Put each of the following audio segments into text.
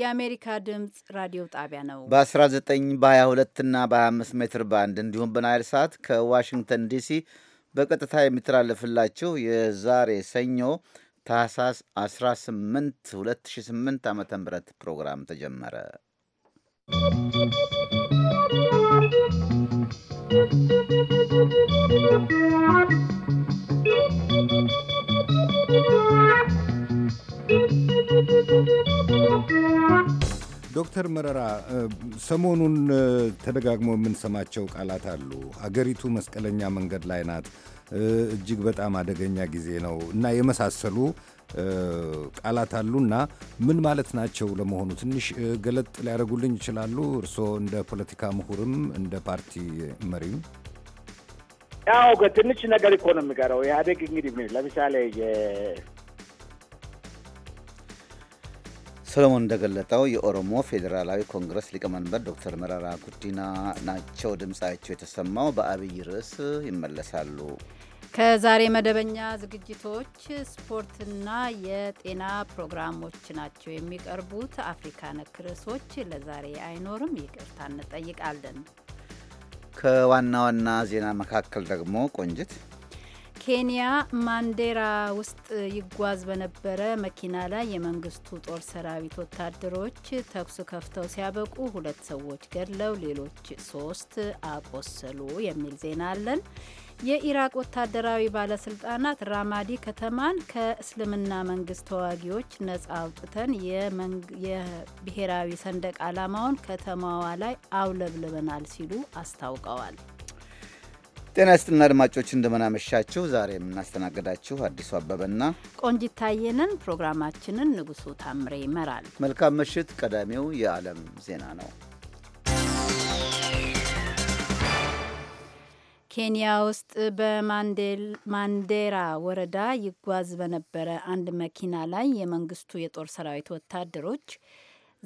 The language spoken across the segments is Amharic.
የአሜሪካ ድምፅ ራዲዮ ጣቢያ ነው። በ19 በ22 እና በ25 ሜትር ባንድ እንዲሁም በናይል ሰዓት ከዋሽንግተን ዲሲ በቀጥታ የሚተላለፍላችሁ የዛሬ ሰኞ ታህሳስ 18 2008 ዓ ም ፕሮግራም ተጀመረ። ¶¶ ዶክተር መረራ ሰሞኑን ተደጋግሞ የምንሰማቸው ቃላት አሉ። አገሪቱ መስቀለኛ መንገድ ላይ ናት፣ እጅግ በጣም አደገኛ ጊዜ ነው እና የመሳሰሉ ቃላት እና ምን ማለት ናቸው ለመሆኑ ትንሽ ገለጥ ሊያደርጉልኝ ይችላሉ? እርስዎ እንደ ፖለቲካ ምሁርም እንደ ፓርቲ መሪም። ያው ትንሽ ነገር እኮ ነው የሚቀረው። ኢህአዴግ እንግዲህ ለምሳሌ ሰለሞን እንደገለጠው የኦሮሞ ፌዴራላዊ ኮንግረስ ሊቀመንበር ዶክተር መረራ ጉዲና ናቸው ድምፃቸው የተሰማው። በአብይ ርዕስ ይመለሳሉ። ከዛሬ መደበኛ ዝግጅቶች ስፖርትና የጤና ፕሮግራሞች ናቸው የሚቀርቡት። አፍሪካ ነክ ርዕሶች ለዛሬ አይኖርም፣ ይቅርታ እንጠይቃለን። ከዋና ዋና ዜና መካከል ደግሞ ቆንጅት ኬንያ ማንዴራ ውስጥ ይጓዝ በነበረ መኪና ላይ የመንግስቱ ጦር ሰራዊት ወታደሮች ተኩስ ከፍተው ሲያበቁ ሁለት ሰዎች ገድለው ሌሎች ሶስት አቆሰሉ የሚል ዜና አለን። የኢራቅ ወታደራዊ ባለስልጣናት ራማዲ ከተማን ከእስልምና መንግስት ተዋጊዎች ነጻ አውጥተን የብሔራዊ ሰንደቅ ዓላማውን ከተማዋ ላይ አውለብልበናል ሲሉ አስታውቀዋል። ጤና ይስጥና አድማጮች እንደምናመሻችሁ። ዛሬ የምናስተናግዳችሁ አዲሱ አበበና ቆንጂት ታየንን። ፕሮግራማችንን ንጉሱ ታምሬ ይመራል። መልካም ምሽት። ቀዳሚው የዓለም ዜና ነው። ኬንያ ውስጥ በማንዴራ ወረዳ ይጓዝ በነበረ አንድ መኪና ላይ የመንግስቱ የጦር ሰራዊት ወታደሮች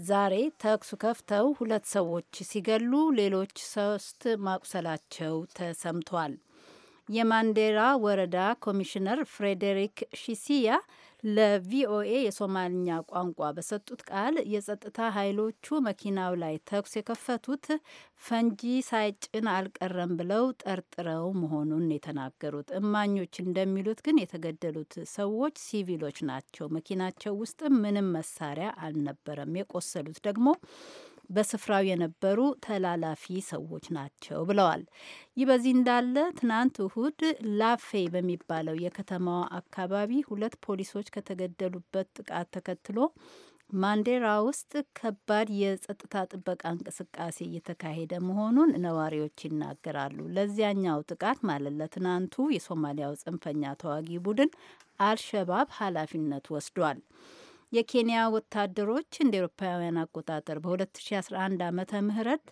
ዛሬ ተኩስ ከፍተው ሁለት ሰዎች ሲገሉ ሌሎች ሶስት ማቁሰላቸው ተሰምቷል። የማንዴራ ወረዳ ኮሚሽነር ፍሬዴሪክ ሺሲያ ለቪኦኤ የሶማልኛ ቋንቋ በሰጡት ቃል የጸጥታ ኃይሎቹ መኪናው ላይ ተኩስ የከፈቱት ፈንጂ ሳይጭን አልቀረም ብለው ጠርጥረው መሆኑን የተናገሩት እማኞች እንደሚሉት ግን የተገደሉት ሰዎች ሲቪሎች ናቸው። መኪናቸው ውስጥ ምንም መሳሪያ አልነበረም። የቆሰሉት ደግሞ በስፍራው የነበሩ ተላላፊ ሰዎች ናቸው ብለዋል። ይህ በዚህ እንዳለ ትናንት እሁድ ላፌ በሚባለው የከተማዋ አካባቢ ሁለት ፖሊሶች ከተገደሉበት ጥቃት ተከትሎ ማንዴራ ውስጥ ከባድ የጸጥታ ጥበቃ እንቅስቃሴ እየተካሄደ መሆኑን ነዋሪዎች ይናገራሉ። ለዚያኛው ጥቃት ማለት ለትናንቱ የሶማሊያው ጽንፈኛ ተዋጊ ቡድን አልሸባብ ኃላፊነት ወስዷል። የኬንያ ወታደሮች እንደ ኤሮፓውያን አቆጣጠር በ2011 ዓመተ ምህረት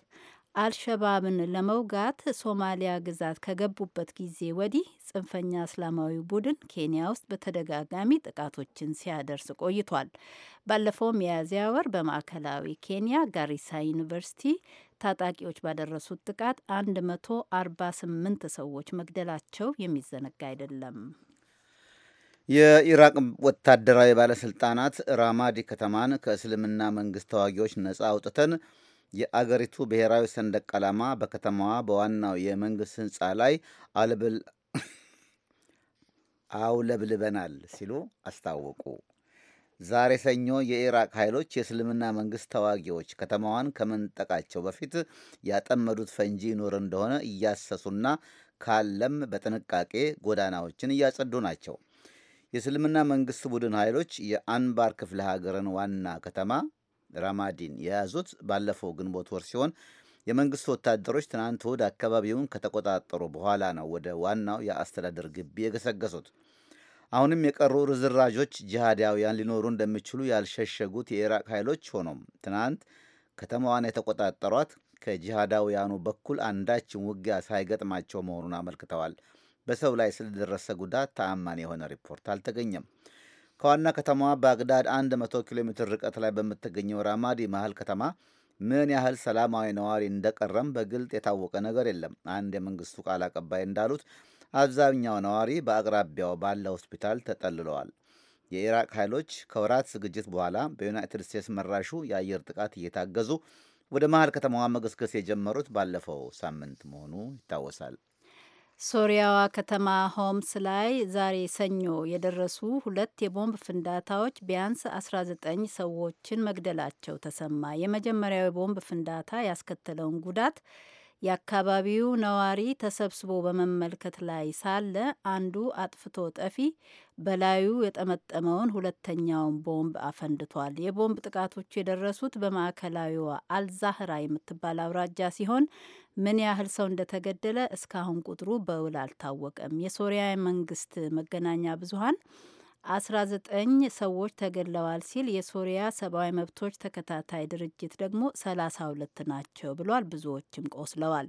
አልሸባብን ለመውጋት ሶማሊያ ግዛት ከገቡበት ጊዜ ወዲህ ጽንፈኛ እስላማዊ ቡድን ኬንያ ውስጥ በተደጋጋሚ ጥቃቶችን ሲያደርስ ቆይቷል። ባለፈው ሚያዝያ ወር በማዕከላዊ ኬንያ ጋሪሳ ዩኒቨርሲቲ ታጣቂዎች ባደረሱት ጥቃት 148 ሰዎች መግደላቸው የሚዘነጋ አይደለም። የኢራቅ ወታደራዊ ባለስልጣናት ራማዲ ከተማን ከእስልምና መንግስት ተዋጊዎች ነፃ አውጥተን የአገሪቱ ብሔራዊ ሰንደቅ ዓላማ በከተማዋ በዋናው የመንግስት ህንፃ ላይ አልብል አውለብልበናል ሲሉ አስታወቁ። ዛሬ ሰኞ የኢራቅ ኃይሎች የእስልምና መንግስት ተዋጊዎች ከተማዋን ከመንጠቃቸው በፊት ያጠመዱት ፈንጂ ይኖር እንደሆነ እያሰሱና ካለም በጥንቃቄ ጎዳናዎችን እያጸዱ ናቸው። የእስልምና መንግስት ቡድን ኃይሎች የአንባር ክፍለ ሀገርን ዋና ከተማ ራማዲን የያዙት ባለፈው ግንቦት ወር ሲሆን የመንግስት ወታደሮች ትናንት እሁድ አካባቢውን ከተቆጣጠሩ በኋላ ነው ወደ ዋናው የአስተዳደር ግቢ የገሰገሱት። አሁንም የቀሩ ርዝራዦች ጂሃዳውያን ሊኖሩ እንደሚችሉ ያልሸሸጉት የኢራቅ ኃይሎች ሆኖም ትናንት ከተማዋን የተቆጣጠሯት ከጂሃዳውያኑ በኩል አንዳችን ውጊያ ሳይገጥማቸው መሆኑን አመልክተዋል። በሰው ላይ ስለደረሰ ጉዳት ተአማኒ የሆነ ሪፖርት አልተገኘም። ከዋና ከተማዋ ባግዳድ 100 ኪሎ ሜትር ርቀት ላይ በምትገኘው ራማዲ መሀል ከተማ ምን ያህል ሰላማዊ ነዋሪ እንደቀረም በግልጥ የታወቀ ነገር የለም። አንድ የመንግስቱ ቃል አቀባይ እንዳሉት አብዛኛው ነዋሪ በአቅራቢያው ባለ ሆስፒታል ተጠልለዋል። የኢራቅ ኃይሎች ከወራት ዝግጅት በኋላ በዩናይትድ ስቴትስ መራሹ የአየር ጥቃት እየታገዙ ወደ መሀል ከተማዋ መገስገስ የጀመሩት ባለፈው ሳምንት መሆኑ ይታወሳል። ሶሪያዋ ከተማ ሆምስ ላይ ዛሬ ሰኞ የደረሱ ሁለት የቦምብ ፍንዳታዎች ቢያንስ 19 ሰዎችን መግደላቸው ተሰማ። የመጀመሪያው የቦምብ ፍንዳታ ያስከተለውን ጉዳት የአካባቢው ነዋሪ ተሰብስቦ በመመልከት ላይ ሳለ አንዱ አጥፍቶ ጠፊ በላዩ የጠመጠመውን ሁለተኛውን ቦምብ አፈንድቷል። የቦምብ ጥቃቶቹ የደረሱት በማዕከላዊዋ አልዛህራ የምትባል አውራጃ ሲሆን ምን ያህል ሰው እንደተገደለ እስካሁን ቁጥሩ በውል አልታወቀም። የሶሪያ መንግስት መገናኛ ብዙሀን 19 ሰዎች ተገድለዋል ሲል የሶሪያ ሰብአዊ መብቶች ተከታታይ ድርጅት ደግሞ 32 ናቸው ብሏል። ብዙዎችም ቆስለዋል።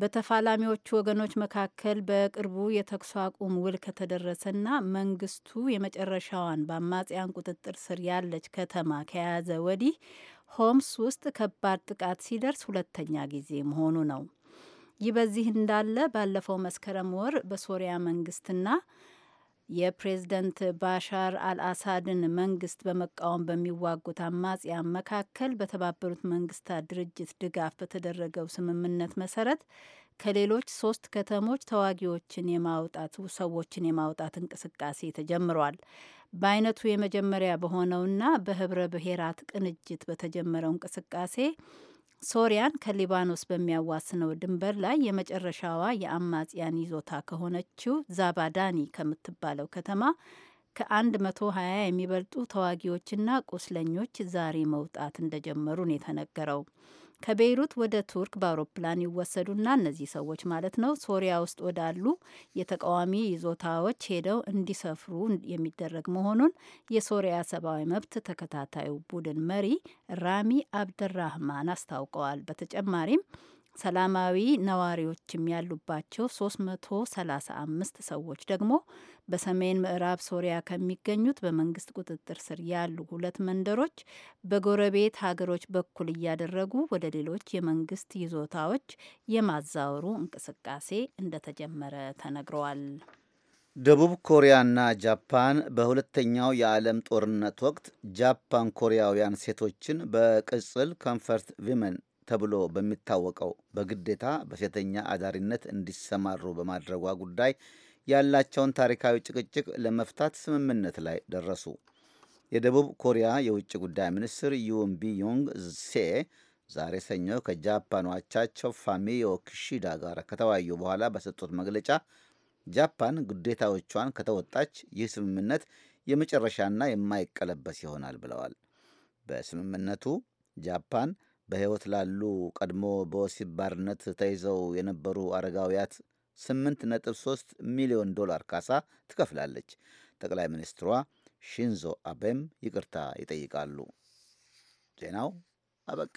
በተፋላሚዎቹ ወገኖች መካከል በቅርቡ የተኩስ አቁም ውል ከተደረሰና መንግስቱ የመጨረሻዋን በአማጽያን ቁጥጥር ስር ያለች ከተማ ከያዘ ወዲህ ሆምስ ውስጥ ከባድ ጥቃት ሲደርስ ሁለተኛ ጊዜ መሆኑ ነው። ይህ በዚህ እንዳለ ባለፈው መስከረም ወር በሶሪያ መንግስትና የፕሬዝደንት ባሻር አልአሳድን መንግስት በመቃወም በሚዋጉት አማጽያን መካከል በተባበሩት መንግስታት ድርጅት ድጋፍ በተደረገው ስምምነት መሰረት ከሌሎች ሶስት ከተሞች ተዋጊዎችን የማውጣት ሰዎችን የማውጣት እንቅስቃሴ ተጀምሯል። በአይነቱ የመጀመሪያ በሆነውና በህብረ ብሔራት ቅንጅት በተጀመረው እንቅስቃሴ ሶሪያን ከሊባኖስ በሚያዋስነው ድንበር ላይ የመጨረሻዋ የአማጽያን ይዞታ ከሆነችው ዛባዳኒ ከምትባለው ከተማ ከ120 የሚበልጡ ተዋጊዎችና ቁስለኞች ዛሬ መውጣት እንደጀመሩ ነው የተነገረው። ከቤይሩት ወደ ቱርክ በአውሮፕላን ይወሰዱና እነዚህ ሰዎች ማለት ነው ሶሪያ ውስጥ ወዳሉ የተቃዋሚ ይዞታዎች ሄደው እንዲሰፍሩ የሚደረግ መሆኑን የሶሪያ ሰብአዊ መብት ተከታታዩ ቡድን መሪ ራሚ አብደራህማን አስታውቀዋል። በተጨማሪም ሰላማዊ ነዋሪዎችም ያሉባቸው 335 ሰዎች ደግሞ በሰሜን ምዕራብ ሶሪያ ከሚገኙት በመንግስት ቁጥጥር ስር ያሉ ሁለት መንደሮች በጎረቤት ሀገሮች በኩል እያደረጉ ወደ ሌሎች የመንግስት ይዞታዎች የማዛወሩ እንቅስቃሴ እንደተጀመረ ተነግረዋል። ደቡብ ኮሪያና ጃፓን በሁለተኛው የዓለም ጦርነት ወቅት ጃፓን ኮሪያውያን ሴቶችን በቅጽል ኮንፈርት ቪመን ተብሎ በሚታወቀው በግዴታ በሴተኛ አዳሪነት እንዲሰማሩ በማድረጓ ጉዳይ ያላቸውን ታሪካዊ ጭቅጭቅ ለመፍታት ስምምነት ላይ ደረሱ። የደቡብ ኮሪያ የውጭ ጉዳይ ሚኒስትር ዩን ቢዮንግ ሴ ዛሬ ሰኞ ከጃፓን አቻቸው ፋሚዮ ክሺዳ ጋር ከተወያዩ በኋላ በሰጡት መግለጫ ጃፓን ግዴታዎቿን ከተወጣች ይህ ስምምነት የመጨረሻና የማይቀለበስ ይሆናል ብለዋል። በስምምነቱ ጃፓን በሕይወት ላሉ ቀድሞ በወሲብ ባርነት ተይዘው የነበሩ አረጋውያት 8.3 ሚሊዮን ዶላር ካሳ ትከፍላለች። ጠቅላይ ሚኒስትሯ ሺንዞ አቤም ይቅርታ ይጠይቃሉ። ዜናው አበቃ።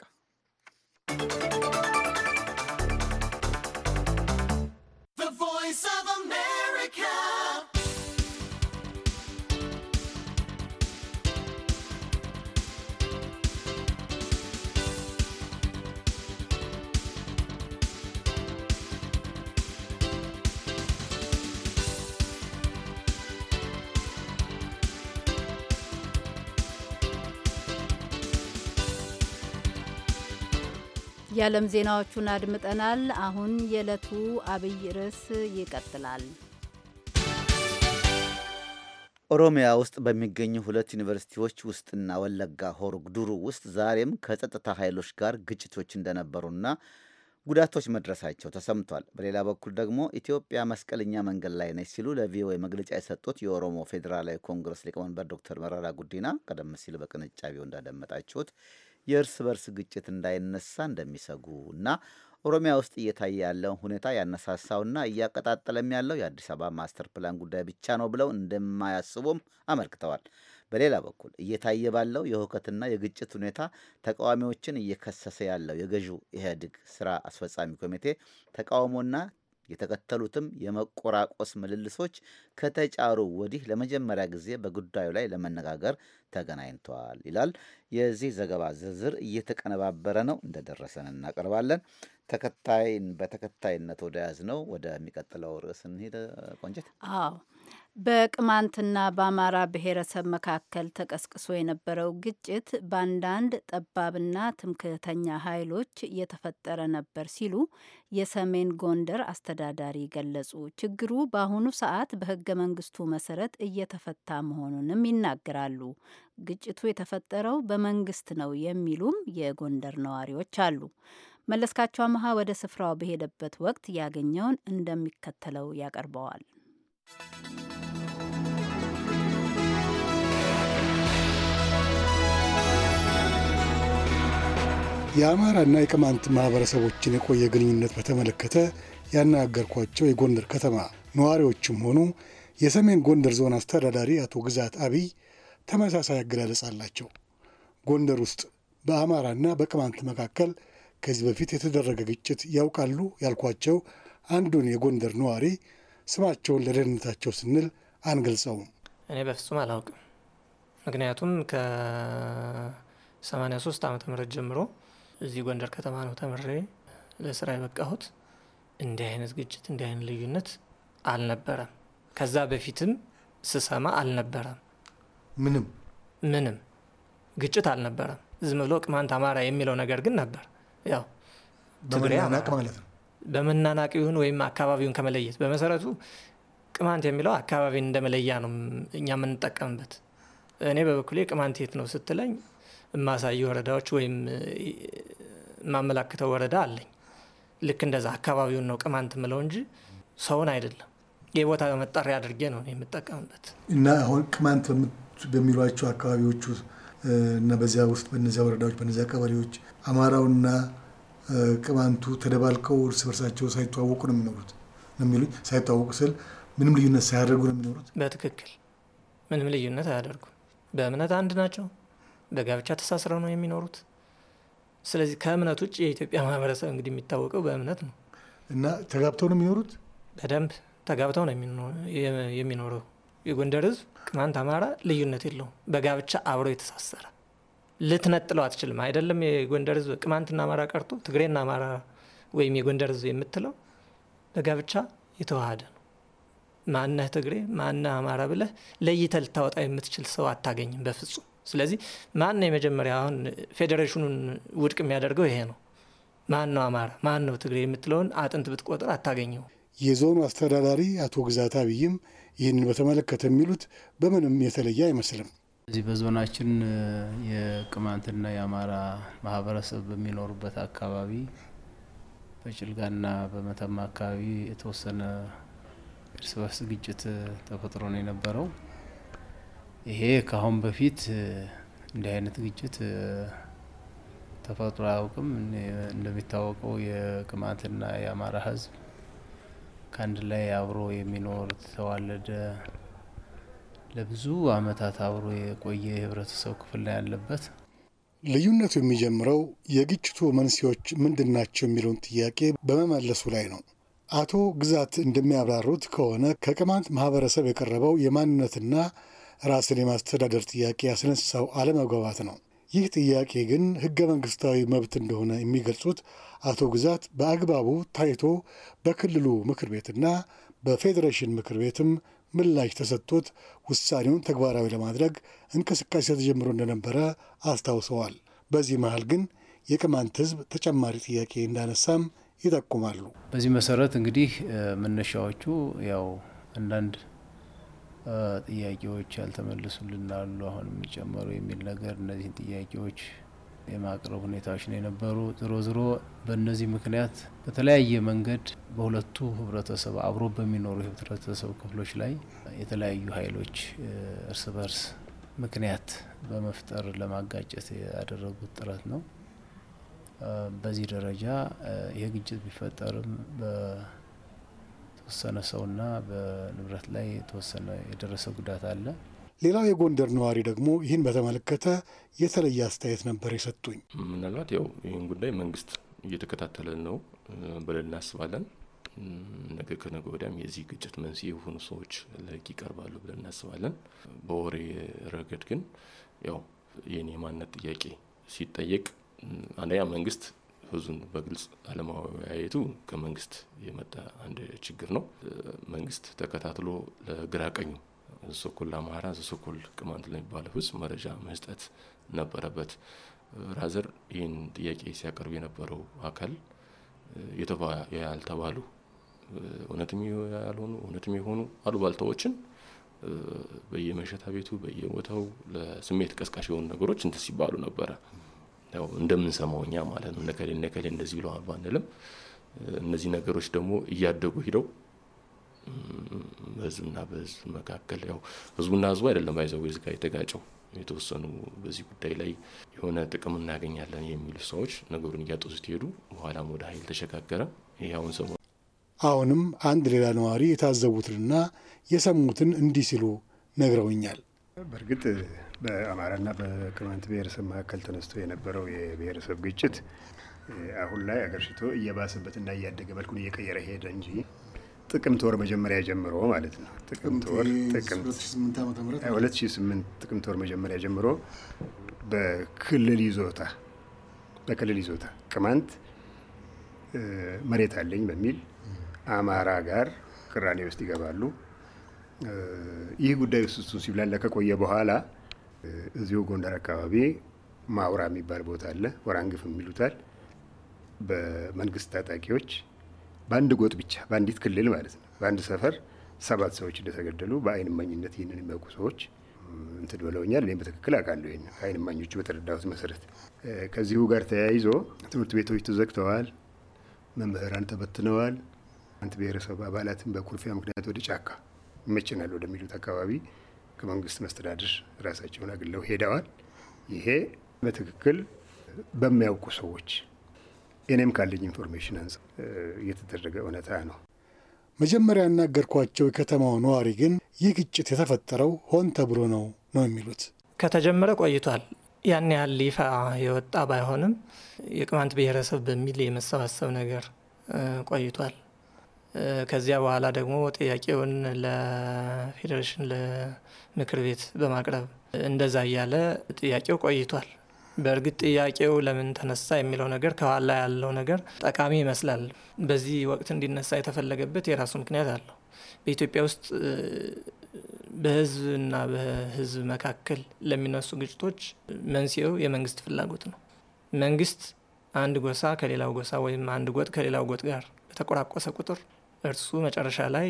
የዓለም ዜናዎቹን አድምጠናል። አሁን የዕለቱ አብይ ርዕስ ይቀጥላል። ኦሮሚያ ውስጥ በሚገኙ ሁለት ዩኒቨርሲቲዎች ውስጥና ወለጋ ሆሮ ጉዱሩ ውስጥ ዛሬም ከጸጥታ ኃይሎች ጋር ግጭቶች እንደነበሩና ጉዳቶች መድረሳቸው ተሰምቷል። በሌላ በኩል ደግሞ ኢትዮጵያ መስቀለኛ መንገድ ላይ ነች ሲሉ ለቪኦኤ መግለጫ የሰጡት የኦሮሞ ፌዴራላዊ ኮንግረስ ሊቀመንበር ዶክተር መረራ ጉዲና ቀደም ሲል በቅንጫቢው እንዳደመጣችሁት የእርስ በርስ ግጭት እንዳይነሳ እንደሚሰጉ እና ኦሮሚያ ውስጥ እየታየ ያለውን ሁኔታ ያነሳሳውና እያቀጣጠለም ያለው የአዲስ አበባ ማስተር ፕላን ጉዳይ ብቻ ነው ብለው እንደማያስቡም አመልክተዋል። በሌላ በኩል እየታየ ባለው የሁከትና የግጭት ሁኔታ ተቃዋሚዎችን እየከሰሰ ያለው የገዢው ኢህአዴግ ስራ አስፈጻሚ ኮሚቴ ተቃውሞና የተከተሉትም የመቆራቆስ ምልልሶች ከተጫሩ ወዲህ ለመጀመሪያ ጊዜ በጉዳዩ ላይ ለመነጋገር ተገናኝተዋል ይላል። የዚህ ዘገባ ዝርዝር እየተቀነባበረ ነው፣ እንደደረሰን እናቀርባለን። ተከታይን በተከታይነት ወደያዝ ነው ወደሚቀጥለው ርዕስ እንሄደ። ቆንጀት አዎ በቅማንትና በአማራ ብሔረሰብ መካከል ተቀስቅሶ የነበረው ግጭት በአንዳንድ ጠባብና ትምክህተኛ ኃይሎች የተፈጠረ ነበር ሲሉ የሰሜን ጎንደር አስተዳዳሪ ገለጹ። ችግሩ በአሁኑ ሰዓት በህገ መንግስቱ መሰረት እየተፈታ መሆኑንም ይናገራሉ። ግጭቱ የተፈጠረው በመንግስት ነው የሚሉም የጎንደር ነዋሪዎች አሉ። መለስካቸው አመሃ ወደ ስፍራው በሄደበት ወቅት ያገኘውን እንደሚከተለው ያቀርበዋል። የአማራና የቅማንት ማህበረሰቦችን የቆየ ግንኙነት በተመለከተ ያነጋገርኳቸው የጎንደር ከተማ ነዋሪዎችም ሆኑ የሰሜን ጎንደር ዞን አስተዳዳሪ አቶ ግዛት አብይ ተመሳሳይ አገላለጽ አላቸው። ጎንደር ውስጥ በአማራና በቅማንት መካከል ከዚህ በፊት የተደረገ ግጭት ያውቃሉ ያልኳቸው አንዱን የጎንደር ነዋሪ ስማቸውን ለደህንነታቸው ስንል አንገልጸውም። እኔ በፍጹም አላውቅም። ምክንያቱም ከ83 ዓመተ ምህረት ጀምሮ እዚህ ጎንደር ከተማ ነው ተምሬ ለስራ የበቃሁት። እንዲህ አይነት ግጭት፣ እንዲህ አይነት ልዩነት አልነበረም። ከዛ በፊትም ስሰማ አልነበረም። ምንም ምንም ግጭት አልነበረም። ዝም ብሎ ቅማንት አማራ የሚለው ነገር ግን ነበር። ያው በመናናቅ ማለት ነው። በመናናቅ ይሁን ወይም አካባቢውን ከመለየት በመሰረቱ ቅማንት የሚለው አካባቢን እንደመለያ ነው እኛ የምንጠቀምበት። እኔ በበኩሌ ቅማንት የት ነው ስትለኝ የማሳይ ወረዳዎች ወይም የማመላክተው ወረዳ አለኝ። ልክ እንደዛ አካባቢውን ነው ቅማንት ምለው እንጂ ሰውን አይደለም። የቦታ መጠሪያ አድርጌ ነው የምጠቀምበት። እና አሁን ቅማንት በሚሏቸው አካባቢዎቹ እና በዚያ ውስጥ በነዚያ ወረዳዎች በነዚያ አካባቢዎች አማራውና ቅማንቱ ተደባልቀው እርስ በርሳቸው ሳይተዋወቁ ነው የሚኖሩት ነው የሚሉኝ። ሳይተዋወቁ ስል ምንም ልዩነት ሳያደርጉ ነው የሚኖሩት። በትክክል ምንም ልዩነት አያደርጉም። በእምነት አንድ ናቸው። በጋብቻ ተሳስረው ነው የሚኖሩት። ስለዚህ ከእምነት ውጭ የኢትዮጵያ ማህበረሰብ እንግዲህ የሚታወቀው በእምነት ነው እና ተጋብተው ነው የሚኖሩት። በደንብ ተጋብተው ነው የሚኖረው። የጎንደር ህዝብ፣ ቅማንት፣ አማራ ልዩነት የለውም። በጋብቻ አብሮ የተሳሰረ ልትነጥለው አትችልም። አይደለም የጎንደር ህዝብ ቅማንትና አማራ ቀርቶ ትግሬና አማራ ወይም የጎንደር ህዝብ የምትለው በጋብቻ የተዋሃደ ነው። ማነህ ትግሬ ማነህ አማራ ብለህ ለይተህ ልታወጣ የምትችል ሰው አታገኝም በፍጹም። ስለዚህ ማን ነው የመጀመሪያ አሁን ፌዴሬሽኑን ውድቅ የሚያደርገው ይሄ ነው። ማን ነው አማራ፣ ማን ነው ትግሬ የምትለውን አጥንት ብትቆጥር አታገኘው። የዞኑ አስተዳዳሪ አቶ ግዛት አብይም ይህንን በተመለከተ የሚሉት በምንም የተለየ አይመስልም። እዚህ በዞናችን የቅማንትና የአማራ ማህበረሰብ በሚኖሩበት አካባቢ በጭልጋና በመተማ አካባቢ የተወሰነ እርስ በርስ ግጭት ተፈጥሮ ነው የነበረው። ይሄ ከአሁን በፊት እንዲህ አይነት ግጭት ተፈጥሮ አያውቅም። እንደሚታወቀው የቅማንትና የአማራ ህዝብ ከአንድ ላይ አብሮ የሚኖር ተዋለደ ለብዙ አመታት አብሮ የቆየ የህብረተሰብ ክፍል ላይ ያለበት ልዩነቱ የሚጀምረው የግጭቱ መንስኤዎች ምንድን ናቸው የሚለውን ጥያቄ በመመለሱ ላይ ነው። አቶ ግዛት እንደሚያብራሩት ከሆነ ከቅማንት ማህበረሰብ የቀረበው የማንነትና ራስን የማስተዳደር ጥያቄ ያስነሳው አለመግባባት ነው። ይህ ጥያቄ ግን ህገ መንግስታዊ መብት እንደሆነ የሚገልጹት አቶ ግዛት በአግባቡ ታይቶ በክልሉ ምክር ቤትና በፌዴሬሽን ምክር ቤትም ምላሽ ተሰጥቶት ውሳኔውን ተግባራዊ ለማድረግ እንቅስቃሴ ተጀምሮ እንደነበረ አስታውሰዋል። በዚህ መሀል ግን የቅማንት ህዝብ ተጨማሪ ጥያቄ እንዳነሳም ይጠቁማሉ። በዚህ መሰረት እንግዲህ መነሻዎቹ ያው አንዳንድ ጥያቄዎች ያልተመለሱልን አሉ፣ አሁንም የሚል ነገር እነዚህን ጥያቄዎች የማቅረብ ሁኔታዎች ነው የነበሩ። ዝሮ ዝሮ በእነዚህ ምክንያት በተለያየ መንገድ በሁለቱ ህብረተሰብ አብሮ በሚኖሩ የህብረተሰብ ክፍሎች ላይ የተለያዩ ኃይሎች እርስ በርስ ምክንያት በመፍጠር ለማጋጨት ያደረጉት ጥረት ነው። በዚህ ደረጃ ይህ ግጭት ቢፈጠርም የተወሰነ ሰውና በንብረት ላይ የተወሰነ የደረሰ ጉዳት አለ። ሌላው የጎንደር ነዋሪ ደግሞ ይህን በተመለከተ የተለየ አስተያየት ነበር የሰጡኝ። ምናልባት ያው ይህን ጉዳይ መንግስት እየተከታተለ ነው ብለን እናስባለን። ነገ ከነገ ወዲያም የዚህ ግጭት መንስኤ የሆኑ ሰዎች ለህግ ይቀርባሉ ብለን እናስባለን። በወሬ ረገድ ግን ያው የኔ ማንነት ጥያቄ ሲጠየቅ አንደኛ መንግስት ህዝቡን በግልጽ አለማወያየቱ ከመንግስት የመጣ አንድ ችግር ነው። መንግስት ተከታትሎ ለግራ ቀኙ ዘሶኮል አማራ፣ ዘሶኮል ቅማንት ለሚባለው ህዝብ መረጃ መስጠት ነበረበት። ራዘር ይህን ጥያቄ ሲያቀርብ የነበረው አካል ያልተባሉ እውነትም ያልሆኑ እውነትም የሆኑ አሉባልታዎችን በየመሸታ ቤቱ በየቦታው ለስሜት ቀስቃሽ የሆኑ ነገሮች እንትን ሲባሉ ነበረ። ያው እንደምንሰማው እኛ ማለት ነው ነከሌ ነከሌ እንደዚህ ብለዋል ባንልም እነዚህ ነገሮች ደግሞ እያደጉ ሂደው በህዝብና በህዝብ መካከል ያው ህዝቡና ህዝቡ አይደለም አይዘው ጋር የተጋጨው የተወሰኑ በዚህ ጉዳይ ላይ የሆነ ጥቅም እናገኛለን የሚሉ ሰዎች ነገሩን እያጦዙ ሲሄዱ በኋላም ወደ ኃይል ተሸጋገረ። ይህ አሁን አሁንም አንድ ሌላ ነዋሪ የታዘቡትንና የሰሙትን እንዲህ ሲሉ ነግረውኛል። በእርግጥ በአማራና በቅማንት ብሔረሰብ መካከል ተነስቶ የነበረው የብሔረሰብ ግጭት አሁን ላይ አገርሽቶ እየባሰበትና እያደገ መልኩን እየቀየረ ሄደ እንጂ ጥቅምት ወር መጀመሪያ ጀምሮ ማለት ነው። ጥቅምት ወር ጥቅምት 2008 ጥቅምት ወር መጀመሪያ ጀምሮ በክልል ይዞታ በክልል ይዞታ ቅማንት መሬት አለኝ በሚል አማራ ጋር ቅራኔ ውስጥ ይገባሉ። ይህ ጉዳይ ውስጥ ሲብላላ ከቆየ በኋላ እዚሁ ጎንደር አካባቢ ማውራ የሚባል ቦታ አለ። ወራንግፍ የሚሉታል። በመንግስት ታጣቂዎች በአንድ ጎጥ ብቻ በአንዲት ክልል ማለት ነው በአንድ ሰፈር ሰባት ሰዎች እንደተገደሉ በአይን እማኝነት ይህንን የሚያውቁ ሰዎች እንትን ብለውኛል። እኔም በትክክል አውቃለሁ። ይህን አይን እማኞቹ በተረዳሁት መሰረት ከዚሁ ጋር ተያይዞ ትምህርት ቤቶች ተዘግተዋል፣ መምህራን ተበትነዋል። አንት ብሔረሰብ አባላትን በኩርፊያ ምክንያት ወደ ጫካ ይመቸናል ወደሚሉት አካባቢ ከመንግስት መስተዳድር ራሳቸውን አግለው ሄደዋል። ይሄ በትክክል በሚያውቁ ሰዎች እኔም ካለኝ ኢንፎርሜሽን አንጻር እየተደረገ እውነታ ነው። መጀመሪያ ያናገርኳቸው የከተማው ነዋሪ ግን ይህ ግጭት የተፈጠረው ሆን ተብሎ ነው ነው የሚሉት። ከተጀመረ ቆይቷል። ያን ያህል ይፋ የወጣ ባይሆንም የቅማንት ብሔረሰብ በሚል የመሰባሰብ ነገር ቆይቷል። ከዚያ በኋላ ደግሞ ጥያቄውን ለፌዴሬሽን ለምክር ቤት በማቅረብ እንደዛ እያለ ጥያቄው ቆይቷል። በእርግጥ ጥያቄው ለምን ተነሳ የሚለው ነገር ከኋላ ያለው ነገር ጠቃሚ ይመስላል። በዚህ ወቅት እንዲነሳ የተፈለገበት የራሱ ምክንያት አለው። በኢትዮጵያ ውስጥ በሕዝብና በህዝብ መካከል ለሚነሱ ግጭቶች መንስኤው የመንግስት ፍላጎት ነው። መንግስት አንድ ጎሳ ከሌላው ጎሳ ወይም አንድ ጎጥ ከሌላው ጎጥ ጋር በተቆራቆሰ ቁጥር እርሱ መጨረሻ ላይ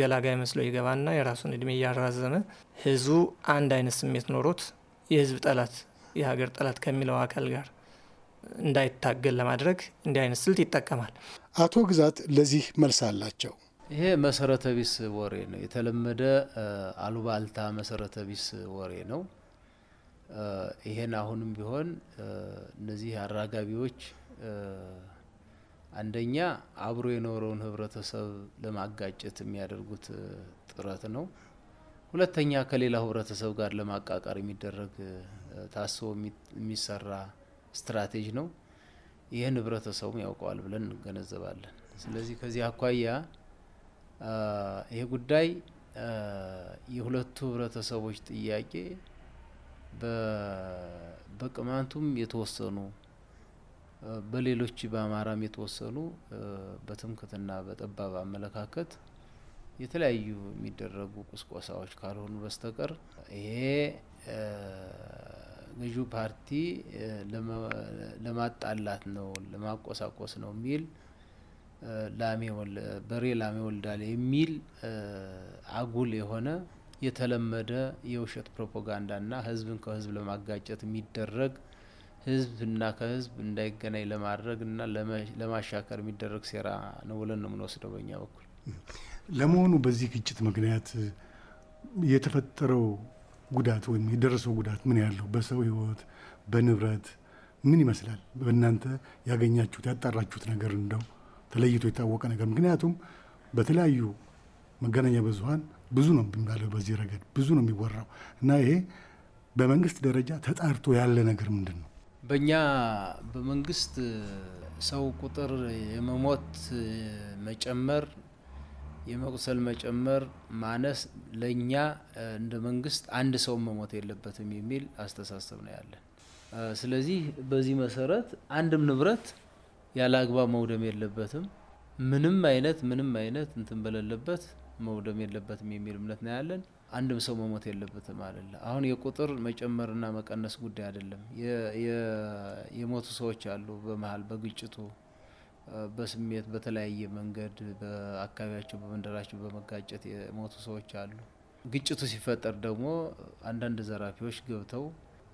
ገላጋይ መስሎ ይገባና የራሱን እድሜ እያራዘመ ህዝቡ አንድ አይነት ስሜት ኖሮት የህዝብ ጠላት የሀገር ጠላት ከሚለው አካል ጋር እንዳይታገል ለማድረግ እንዲህ አይነት ስልት ይጠቀማል። አቶ ግዛት ለዚህ መልስ አላቸው። ይሄ መሰረተ ቢስ ወሬ ነው። የተለመደ አሉባልታ መሰረተ ቢስ ወሬ ነው። ይሄን አሁንም ቢሆን እነዚህ አራጋቢዎች አንደኛ አብሮ የኖረውን ህብረተሰብ ለማጋጨት የሚያደርጉት ጥረት ነው። ሁለተኛ ከሌላው ህብረተሰብ ጋር ለማቃቃር የሚደረግ ታስቦ የሚሰራ ስትራቴጂ ነው። ይህን ህብረተሰቡም ያውቀዋል ብለን እንገነዘባለን። ስለዚህ ከዚህ አኳያ ይሄ ጉዳይ የሁለቱ ህብረተሰቦች ጥያቄ በቅማንቱም የተወሰኑ በሌሎች በአማራም የተወሰኑ በትምክትና በጠባብ አመለካከት የተለያዩ የሚደረጉ ቁስቆሳዎች ካልሆኑ በስተቀር ይሄ ገዢው ፓርቲ ለማጣላት ነው፣ ለማቆሳቆስ ነው የሚል በሬ ላሜ ወልዳል የሚል አጉል የሆነ የተለመደ የውሸት ፕሮፓጋንዳና ህዝብን ከህዝብ ለማጋጨት የሚደረግ ህዝብና ከህዝብ እንዳይገናኝ ለማድረግና ለማሻከር የሚደረግ ሴራ ነው ብለን ነው የምንወስደው በእኛ በኩል። ለመሆኑ በዚህ ግጭት ምክንያት የተፈጠረው ጉዳት ወይም የደረሰው ጉዳት ምን ያለው በሰው ህይወት፣ በንብረት ምን ይመስላል? በእናንተ ያገኛችሁት ያጣራችሁት ነገር እንደው ተለይቶ የታወቀ ነገር ምክንያቱም በተለያዩ መገናኛ ብዙኃን ብዙ ነው የሚባለው በዚህ ረገድ ብዙ ነው የሚወራው እና ይሄ በመንግስት ደረጃ ተጣርቶ ያለ ነገር ምንድን ነው? በእኛ በመንግስት ሰው ቁጥር የመሞት መጨመር፣ የመቁሰል መጨመር፣ ማነስ ለእኛ እንደ መንግስት አንድ ሰው መሞት የለበትም የሚል አስተሳሰብ ነው ያለን። ስለዚህ በዚህ መሰረት አንድም ንብረት ያለ አግባብ መውደም የለበትም፣ ምንም አይነት ምንም አይነት እንትን በሌለበት መውደም የለበትም የሚል እምነት ነው ያለን። አንድም ሰው መሞት የለበትም አለ። አሁን የቁጥር መጨመርና መቀነስ ጉዳይ አይደለም። የሞቱ ሰዎች አሉ በመሀል በግጭቱ በስሜት በተለያየ መንገድ በአካባቢያቸው በመንደራቸው በመጋጨት የሞቱ ሰዎች አሉ። ግጭቱ ሲፈጠር ደግሞ አንዳንድ ዘራፊዎች ገብተው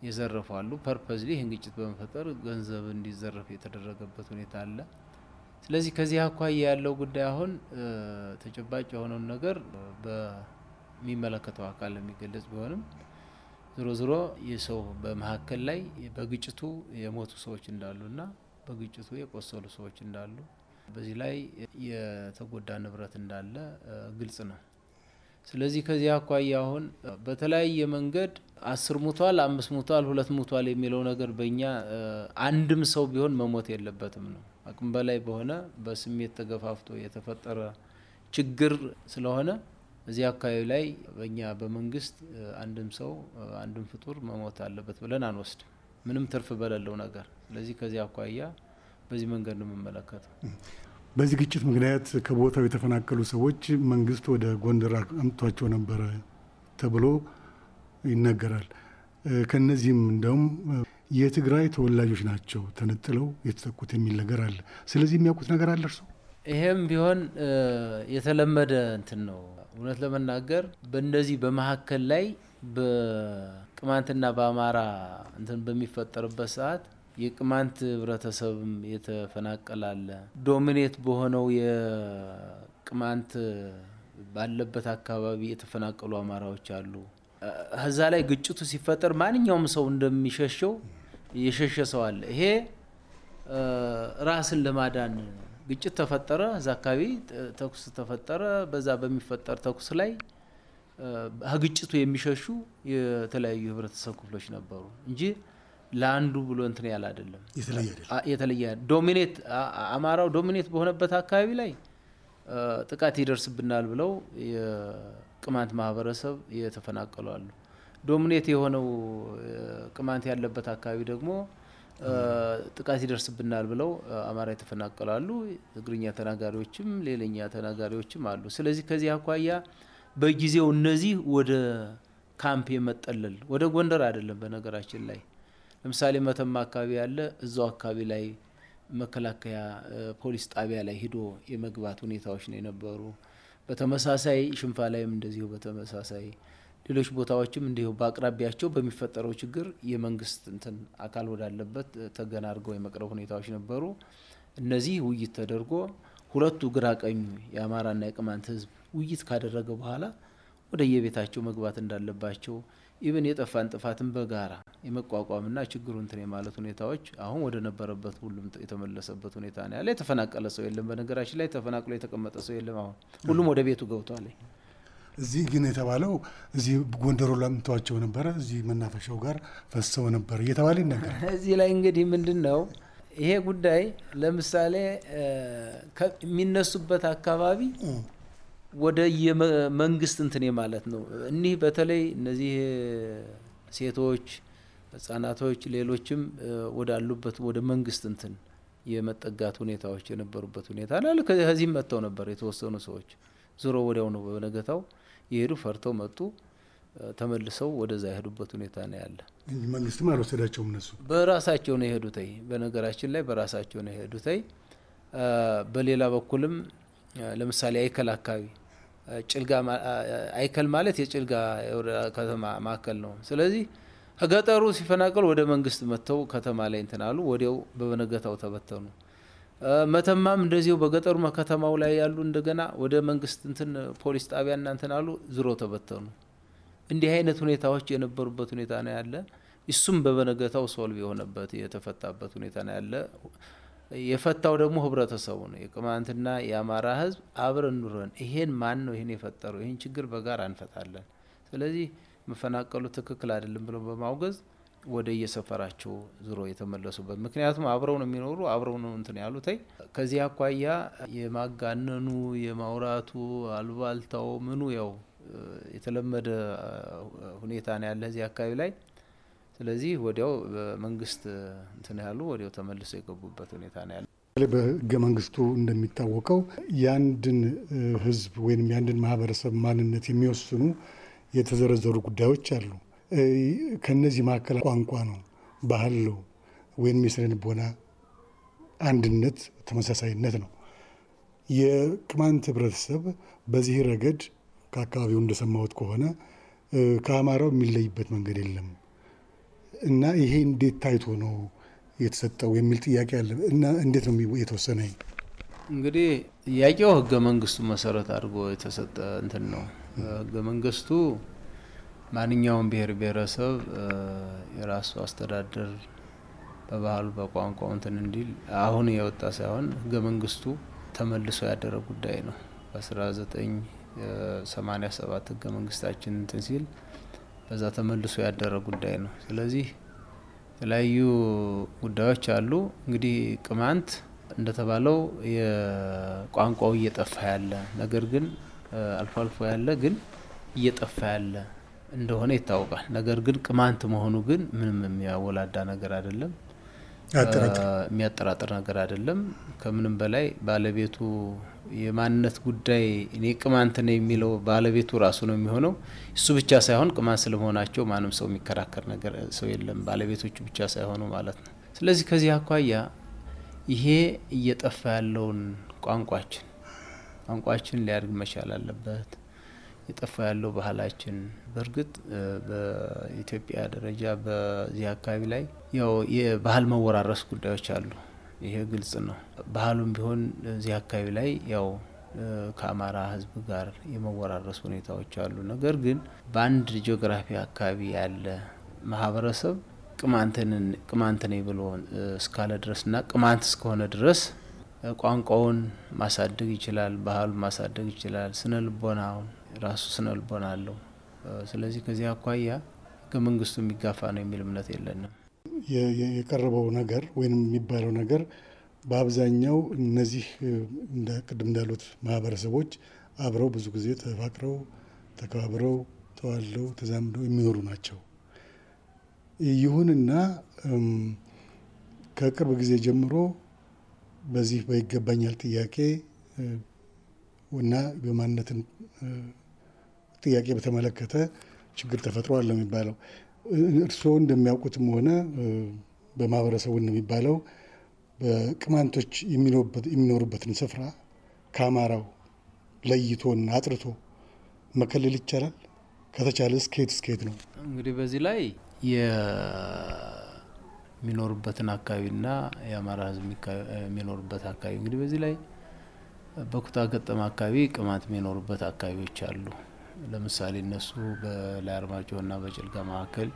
የዘረፉ አሉ። ፐርፐዝሊ ይህን ግጭት በመፈጠር ገንዘብ እንዲዘረፍ የተደረገበት ሁኔታ አለ። ስለዚህ ከዚህ አኳያ ያለው ጉዳይ አሁን ተጨባጭ የሆነውን ነገር የሚመለከተው አካል የሚገለጽ ቢሆንም ዝሮ ዝሮ የሰው በመካከል ላይ በግጭቱ የሞቱ ሰዎች እንዳሉና በግጭቱ የቆሰሉ ሰዎች እንዳሉ በዚህ ላይ የተጎዳ ንብረት እንዳለ ግልጽ ነው። ስለዚህ ከዚህ አኳያ አሁን በተለያየ መንገድ አስር ሙቷል፣ አምስት ሙቷል፣ ሁለት ሙቷል የሚለው ነገር በእኛ አንድም ሰው ቢሆን መሞት የለበትም ነው። አቅም በላይ በሆነ በስሜት ተገፋፍቶ የተፈጠረ ችግር ስለሆነ እዚህ አካባቢ ላይ በእኛ በመንግስት አንድም ሰው አንድም ፍጡር መሞት አለበት ብለን አንወስድም፣ ምንም ትርፍ በሌለው ነገር። ስለዚህ ከዚህ አኳያ በዚህ መንገድ ነው የምመለከተው። በዚህ ግጭት ምክንያት ከቦታው የተፈናቀሉ ሰዎች መንግስት ወደ ጎንደር አምጥቷቸው ነበረ ተብሎ ይነገራል። ከነዚህም እንደውም የትግራይ ተወላጆች ናቸው ተነጥለው የተጠቁት የሚል ነገር አለ። ስለዚህ የሚያውቁት ነገር አለ እርሱ። ይሄም ቢሆን የተለመደ እንትን ነው እውነት ለመናገር በእንደዚህ በመካከል ላይ በቅማንትና በአማራ እንትን በሚፈጠርበት ሰዓት የቅማንት ህብረተሰብም የተፈናቀላለ ዶሚኔት በሆነው የቅማንት ባለበት አካባቢ የተፈናቀሉ አማራዎች አሉ። ከዛ ላይ ግጭቱ ሲፈጠር ማንኛውም ሰው እንደሚሸሸው የሸሸ ሰው አለ። ይሄ ራስን ለማዳን ግጭት ተፈጠረ፣ እዛ አካባቢ ተኩስ ተፈጠረ። በዛ በሚፈጠር ተኩስ ላይ ከግጭቱ የሚሸሹ የተለያዩ ህብረተሰብ ክፍሎች ነበሩ እንጂ ለአንዱ ብሎ እንትን ያለ አይደለም። የተለየ ዶሚኔት አማራው ዶሚኔት በሆነበት አካባቢ ላይ ጥቃት ይደርስብናል ብለው የቅማንት ማህበረሰብ የተፈናቀሉ አሉ። ዶሚኔት የሆነው ቅማንት ያለበት አካባቢ ደግሞ ጥቃት ይደርስብናል ብለው አማራ የተፈናቀላሉ፣ እግርኛ ተናጋሪዎችም ሌላኛ ተናጋሪዎችም አሉ። ስለዚህ ከዚህ አኳያ በጊዜው እነዚህ ወደ ካምፕ የመጠለል ወደ ጎንደር አይደለም። በነገራችን ላይ ለምሳሌ መተማ አካባቢ ያለ እዛው አካባቢ ላይ መከላከያ ፖሊስ ጣቢያ ላይ ሂዶ የመግባት ሁኔታዎች ነው የነበሩ። በተመሳሳይ ሽንፋ ላይም እንደዚሁ በተመሳሳይ ሌሎች ቦታዎችም እንዲሁ በአቅራቢያቸው በሚፈጠረው ችግር የመንግስት እንትን አካል ወዳለበት ተገናርገው የመቅረብ ሁኔታዎች ነበሩ። እነዚህ ውይይት ተደርጎ ሁለቱ ግራ ቀኙ የአማራና የቅማንት ህዝብ ውይይት ካደረገ በኋላ ወደ የቤታቸው መግባት እንዳለባቸው ኢብን የጠፋን ጥፋትን በጋራ የመቋቋምና ችግሩ እንትን የማለት ሁኔታዎች አሁን ወደ ነበረበት ሁሉም የተመለሰበት ሁኔታ ነው ያለ። የተፈናቀለ ሰው የለም። በነገራችን ላይ ተፈናቅሎ የተቀመጠ ሰው የለም። አሁን ሁሉም ወደ ቤቱ ገብቷል። እዚህ ግን የተባለው እዚህ ጎንደሮ ለምተዋቸው ነበረ፣ እዚህ መናፈሻው ጋር ፈሰው ነበር እየተባለ ይነገር። እዚህ ላይ እንግዲህ ምንድን ነው ይሄ ጉዳይ ለምሳሌ የሚነሱበት አካባቢ ወደ የመንግስት እንትኔ ማለት ነው። እኒህ በተለይ እነዚህ ሴቶች፣ ህጻናቶች፣ ሌሎችም ወዳሉበት ወደ መንግስት እንትን የመጠጋት ሁኔታዎች የነበሩበት ሁኔታ ላል ከዚህም መጥተው ነበር የተወሰኑ ሰዎች ዙሮ ወዲያው ነው በነገታው የሄዱ ፈርተው መጡ። ተመልሰው ወደዛ የሄዱበት ሁኔታ ነው ያለ። መንግስትም አልወሰዳቸውም። እነሱ በራሳቸው ነው የሄዱተይ። በነገራችን ላይ በራሳቸው ነው የሄዱተይ። በሌላ በኩልም ለምሳሌ አይከል አካባቢ ጭልጋ፣ አይከል ማለት የጭልጋ ከተማ ማዕከል ነው። ስለዚህ ከገጠሩ ሲፈናቀሉ ወደ መንግስት መጥተው ከተማ ላይ እንትናሉ። ወዲያው በነገታው ተበተኑ። መተማም እንደዚሁ በገጠሩ ከተማው ላይ ያሉ እንደገና ወደ መንግስት እንትን ፖሊስ ጣቢያ እናንትን አሉ ዝሮ ተበተኑ። እንዲህ አይነት ሁኔታዎች የነበሩበት ሁኔታ ነው ያለ። እሱም በበነገታው ሶልቭ የሆነበት የተፈታበት ሁኔታ ነው ያለ። የፈታው ደግሞ ህብረተሰቡ ነው። የቅማንትና የአማራ ህዝብ አብረን ኑረን ይሄን ማን ነው ይሄን የፈጠረው? ይህን ችግር በጋራ እንፈታለን። ስለዚህ መፈናቀሉ ትክክል አይደለም ብሎ በማውገዝ ወደ እየሰፈራቸው ዙሮ የተመለሱበት ምክንያቱም አብረው ነው የሚኖሩ አብረው ነው እንትን ያሉት። ከዚህ አኳያ የማጋነኑ የማውራቱ አልባልታው ምኑ ያው የተለመደ ሁኔታ ነው ያለ እዚህ አካባቢ ላይ። ስለዚህ ወዲያው በመንግስት እንትን ያሉ ወዲያው ተመልሰው የገቡበት ሁኔታ ነው ያለ። በህገ መንግስቱ እንደሚታወቀው የአንድን ህዝብ ወይም የአንድን ማህበረሰብ ማንነት የሚወስኑ የተዘረዘሩ ጉዳዮች አሉ። ከነዚህ መካከል ቋንቋ ነው፣ ባህል ነው ወይም የስነ ልቦና አንድነት ተመሳሳይነት ነው። የቅማንት ህብረተሰብ በዚህ ረገድ ከአካባቢው እንደሰማሁት ከሆነ ከአማራው የሚለይበት መንገድ የለም እና ይሄ እንዴት ታይቶ ነው የተሰጠው የሚል ጥያቄ አለ እና እንዴት ነው የተወሰነ? እንግዲህ ጥያቄው ህገ መንግስቱ መሰረት አድርጎ የተሰጠ እንትን ነው ህገ መንግስቱ ማንኛውም ብሔር ብሔረሰብ የራሱ አስተዳደር በባህሉ በቋንቋው እንትን እንዲል አሁን የወጣ ሳይሆን ህገ መንግስቱ ተመልሶ ያደረ ጉዳይ ነው። በ1987 ህገ መንግስታችን እንትን ሲል በዛ ተመልሶ ያደረ ጉዳይ ነው። ስለዚህ የተለያዩ ጉዳዮች አሉ። እንግዲህ ቅማንት እንደተባለው የቋንቋው እየጠፋ ያለ ነገር ግን አልፎ አልፎ ያለ ግን እየጠፋ ያለ እንደሆነ ይታወቃል። ነገር ግን ቅማንት መሆኑ ግን ምንም የሚያወላዳ ነገር አይደለም፣ የሚያጠራጥር ነገር አይደለም። ከምንም በላይ ባለቤቱ የማንነት ጉዳይ እኔ ቅማንት ነው የሚለው ባለቤቱ ራሱ ነው የሚሆነው። እሱ ብቻ ሳይሆን ቅማንት ስለመሆናቸው ማንም ሰው የሚከራከር ነገር ሰው የለም፣ ባለቤቶቹ ብቻ ሳይሆኑ ማለት ነው። ስለዚህ ከዚህ አኳያ ይሄ እየጠፋ ያለውን ቋንቋችን ቋንቋችን ሊያድግ መቻል አለበት። የጠፋ ያለው ባህላችን በእርግጥ በኢትዮጵያ ደረጃ በዚህ አካባቢ ላይ ያው የባህል መወራረስ ጉዳዮች አሉ። ይሄ ግልጽ ነው። ባህሉም ቢሆን እዚህ አካባቢ ላይ ያው ከአማራ ሕዝብ ጋር የመወራረስ ሁኔታዎች አሉ። ነገር ግን በአንድ ጂኦግራፊ አካባቢ ያለ ማህበረሰብ ቅማንትንን ቅማንት ነኝ ብሎ እስካለ ድረስ እና ቅማንት እስከሆነ ድረስ ቋንቋውን ማሳደግ ይችላል። ባህሉ ማሳደግ ይችላል። ስነ ልቦናውን ራሱ ስነ ልቦና አለው። ስለዚህ ከዚህ አኳያ ህገ መንግስቱ የሚጋፋ ነው የሚል እምነት የለንም። የቀረበው ነገር ወይም የሚባለው ነገር በአብዛኛው እነዚህ ቅድም እንዳሉት ማህበረሰቦች አብረው ብዙ ጊዜ ተፋቅረው ተከባብረው ተዋለው ተዛምደው የሚኖሩ ናቸው። ይሁንና ከቅርብ ጊዜ ጀምሮ በዚህ በይገባኛል ጥያቄ እና በማንነትን ጥያቄ በተመለከተ ችግር ተፈጥሯል ነው የሚባለው። እርስዎ እንደሚያውቁትም ሆነ በማህበረሰቡ እንደሚባለው በቅማንቶች የሚኖሩበትን ስፍራ ከአማራው ለይቶና አጥርቶ መከለል ይቻላል? ከተቻለ እስከየት እስከየት ነው? እንግዲህ በዚህ ላይ የሚኖሩበትን አካባቢና የአማራ ህዝብ የሚኖሩበት አካባቢ እንግዲህ በዚህ ላይ በኩታ ገጠማ አካባቢ ቅማንት የሚኖሩበት አካባቢዎች አሉ። ለምሳሌ እነሱ በላይ አርማጭሆና በጭልጋ መካከል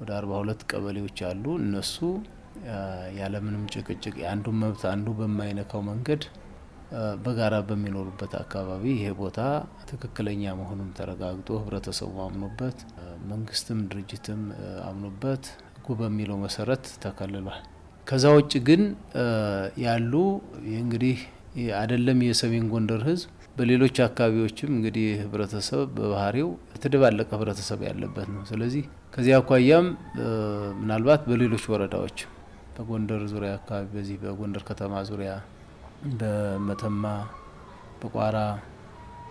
ወደ አርባ ሁለት ቀበሌዎች አሉ። እነሱ ያለምንም ጭቅጭቅ የአንዱን መብት አንዱ በማይነካው መንገድ በጋራ በሚኖሩበት አካባቢ ይሄ ቦታ ትክክለኛ መሆኑን ተረጋግጦ ህብረተሰቡ አምኖበት መንግስትም ድርጅትም አምኖበት ህጉ በሚለው መሰረት ተከልሏል። ከዛ ውጭ ግን ያሉ እንግዲህ አይደለም የሰሜን ጎንደር ህዝብ በሌሎች አካባቢዎችም እንግዲህ ህብረተሰብ በባህሪው የተደባለቀ ህብረተሰብ ያለበት ነው። ስለዚህ ከዚህ አኳያም ምናልባት በሌሎች ወረዳዎች በጎንደር ዙሪያ አካባቢ በዚህ በጎንደር ከተማ ዙሪያ በመተማ በቋራ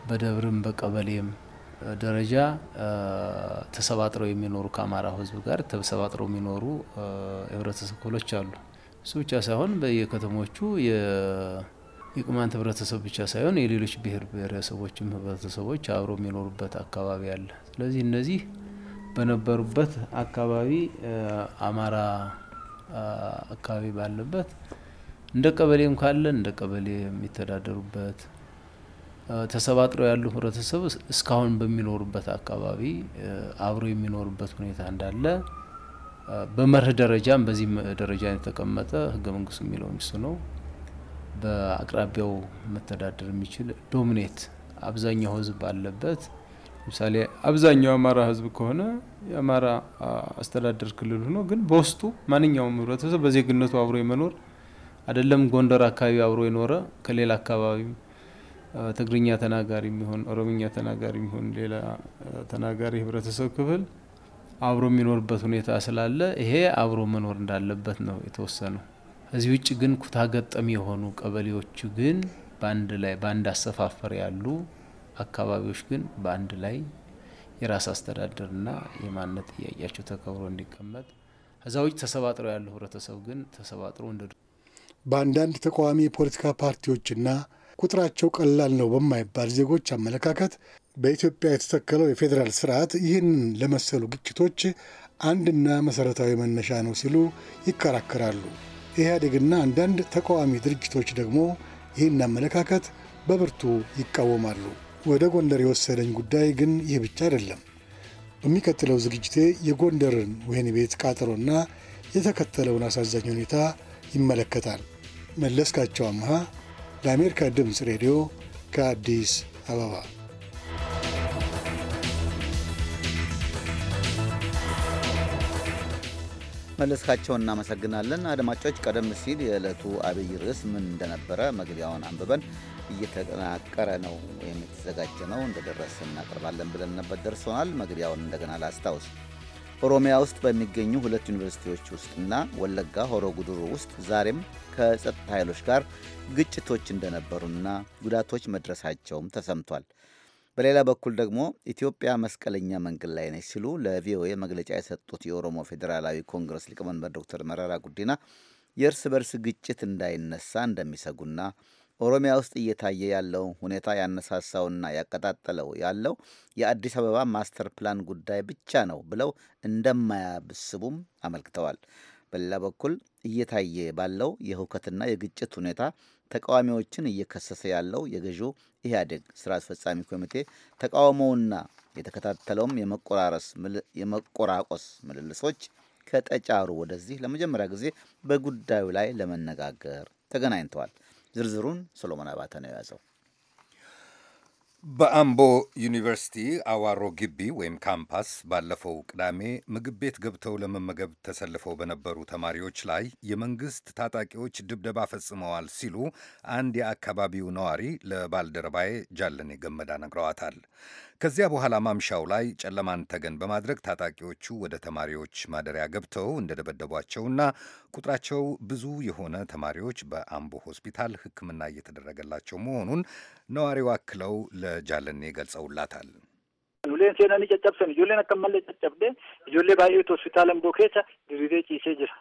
በደብርም በቀበሌም ደረጃ ተሰባጥረው የሚኖሩ ከአማራ ህዝብ ጋር ተሰባጥረው የሚኖሩ የህብረተሰብ ክፍሎች አሉ። እሱ ብቻ ሳይሆን በየከተሞቹ የቅማንት ህብረተሰብ ብቻ ሳይሆን የሌሎች ብሔር ብሔረሰቦችም ህብረተሰቦች አብሮ የሚኖሩበት አካባቢ አለ። ስለዚህ እነዚህ በነበሩበት አካባቢ አማራ አካባቢ ባለበት እንደ ቀበሌም ካለ እንደ ቀበሌ የሚተዳደሩበት ተሰባጥረው ያሉ ህብረተሰብ እስካሁን በሚኖሩበት አካባቢ አብሮ የሚኖሩበት ሁኔታ እንዳለ በመርህ ደረጃም በዚህ ደረጃ የተቀመጠ ህገ መንግስቱ የሚለው ሚስ ነው። በአቅራቢያው መተዳደር የሚችል ዶሚኔት አብዛኛው ህዝብ ባለበት ለምሳሌ አብዛኛው የአማራ ህዝብ ከሆነ የአማራ አስተዳደር ክልል ሆኖ ግን በውስጡ ማንኛውም ህብረተሰብ በዜግነቱ አብሮ የመኖር አይደለም ጎንደር አካባቢ አብሮ የኖረ ከሌላ አካባቢም ትግርኛ ተናጋሪ የሚሆን ኦሮምኛ ተናጋሪ የሚሆን ሌላ ተናጋሪ ህብረተሰብ ክፍል አብሮ የሚኖርበት ሁኔታ ስላለ ይሄ አብሮ መኖር እንዳለበት ነው የተወሰነው። እዚህ ውጭ ግን ኩታ ገጠም የሆኑ ቀበሌዎቹ ግን በአንድ ላይ በአንድ አሰፋፈር ያሉ አካባቢዎች ግን በአንድ ላይ የራስ አስተዳደርና የማንነት ጥያቄያቸው ተከብሮ እንዲቀመጥ ከዛ ውጭ ተሰባጥረው ያለው ህብረተሰብ ግን ተሰባጥሮ እንደ በአንዳንድ ተቃዋሚ የፖለቲካ ፓርቲዎችና ቁጥራቸው ቀላል ነው በማይባል ዜጎች አመለካከት በኢትዮጵያ የተተከለው የፌዴራል ስርዓት ይህንን ለመሰሉ ግጭቶች አንድና መሰረታዊ መነሻ ነው ሲሉ ይከራከራሉ። ኢህአዴግና አንዳንድ ተቃዋሚ ድርጅቶች ደግሞ ይህን አመለካከት በብርቱ ይቃወማሉ። ወደ ጎንደር የወሰደኝ ጉዳይ ግን ይህ ብቻ አይደለም። በሚቀጥለው ዝግጅቴ የጎንደርን ወህኒ ቤት ቃጠሎና የተከተለውን አሳዛኝ ሁኔታ ይመለከታል። መለስካቸው አምሃ ለአሜሪካ ድምፅ ሬዲዮ ከአዲስ አበባ መለስካቸው እናመሰግናለን። አድማጮች፣ ቀደም ሲል የዕለቱ አብይ ርዕስ ምን እንደነበረ መግቢያውን አንብበን እየተጠናቀረ ነው ወይም የተዘጋጀ ነው እንደደረስ እናቀርባለን ብለን ነበር። ደርሶናል። መግቢያውን እንደገና ላስታውስ። ኦሮሚያ ውስጥ በሚገኙ ሁለት ዩኒቨርሲቲዎች ውስጥና ወለጋ ሆሮ ጉድሩ ውስጥ ዛሬም ከጸጥታ ኃይሎች ጋር ግጭቶች እንደነበሩና ጉዳቶች መድረሳቸውም ተሰምቷል። በሌላ በኩል ደግሞ ኢትዮጵያ መስቀለኛ መንገድ ላይ ነች ሲሉ ለቪኦኤ መግለጫ የሰጡት የኦሮሞ ፌዴራላዊ ኮንግረስ ሊቀመንበር ዶክተር መረራ ጉዲና የእርስ በርስ ግጭት እንዳይነሳ እንደሚሰጉና ኦሮሚያ ውስጥ እየታየ ያለው ሁኔታ ያነሳሳውና ያቀጣጠለው ያለው የአዲስ አበባ ማስተር ፕላን ጉዳይ ብቻ ነው ብለው እንደማያብስቡም አመልክተዋል። በሌላ በኩል እየታየ ባለው የህውከትና የግጭት ሁኔታ ተቃዋሚዎችን እየከሰሰ ያለው የገዢው ኢህአዴግ ስራ አስፈጻሚ ኮሚቴ ተቃውሞውና የተከታተለውም የመቆራቆስ ምልልሶች ከጠጫሩ ወደዚህ ለመጀመሪያ ጊዜ በጉዳዩ ላይ ለመነጋገር ተገናኝተዋል። ዝርዝሩን ሶሎሞን አባተ ነው የያዘው። በአምቦ ዩኒቨርሲቲ አዋሮ ግቢ ወይም ካምፓስ ባለፈው ቅዳሜ ምግብ ቤት ገብተው ለመመገብ ተሰልፈው በነበሩ ተማሪዎች ላይ የመንግስት ታጣቂዎች ድብደባ ፈጽመዋል ሲሉ አንድ የአካባቢው ነዋሪ ለባልደረባዬ ጃለኔ ገመዳ ነግረዋታል። ከዚያ በኋላ ማምሻው ላይ ጨለማን ተገን በማድረግ ታጣቂዎቹ ወደ ተማሪዎች ማደሪያ ገብተው እንደደበደቧቸውና ቁጥራቸው ብዙ የሆነ ተማሪዎች በአምቦ ሆስፒታል ሕክምና እየተደረገላቸው መሆኑን ነዋሪው አክለው ለጃለኔ ገልጸውላታል። ጆሌን ሴናኒ ጨጨብሰን ጆሌን አከማለ ጨጨብደ ጆሌ ባየት ሆስፒታል አምቦ ኬሳ ድሪዴ ጭሴ ጅራ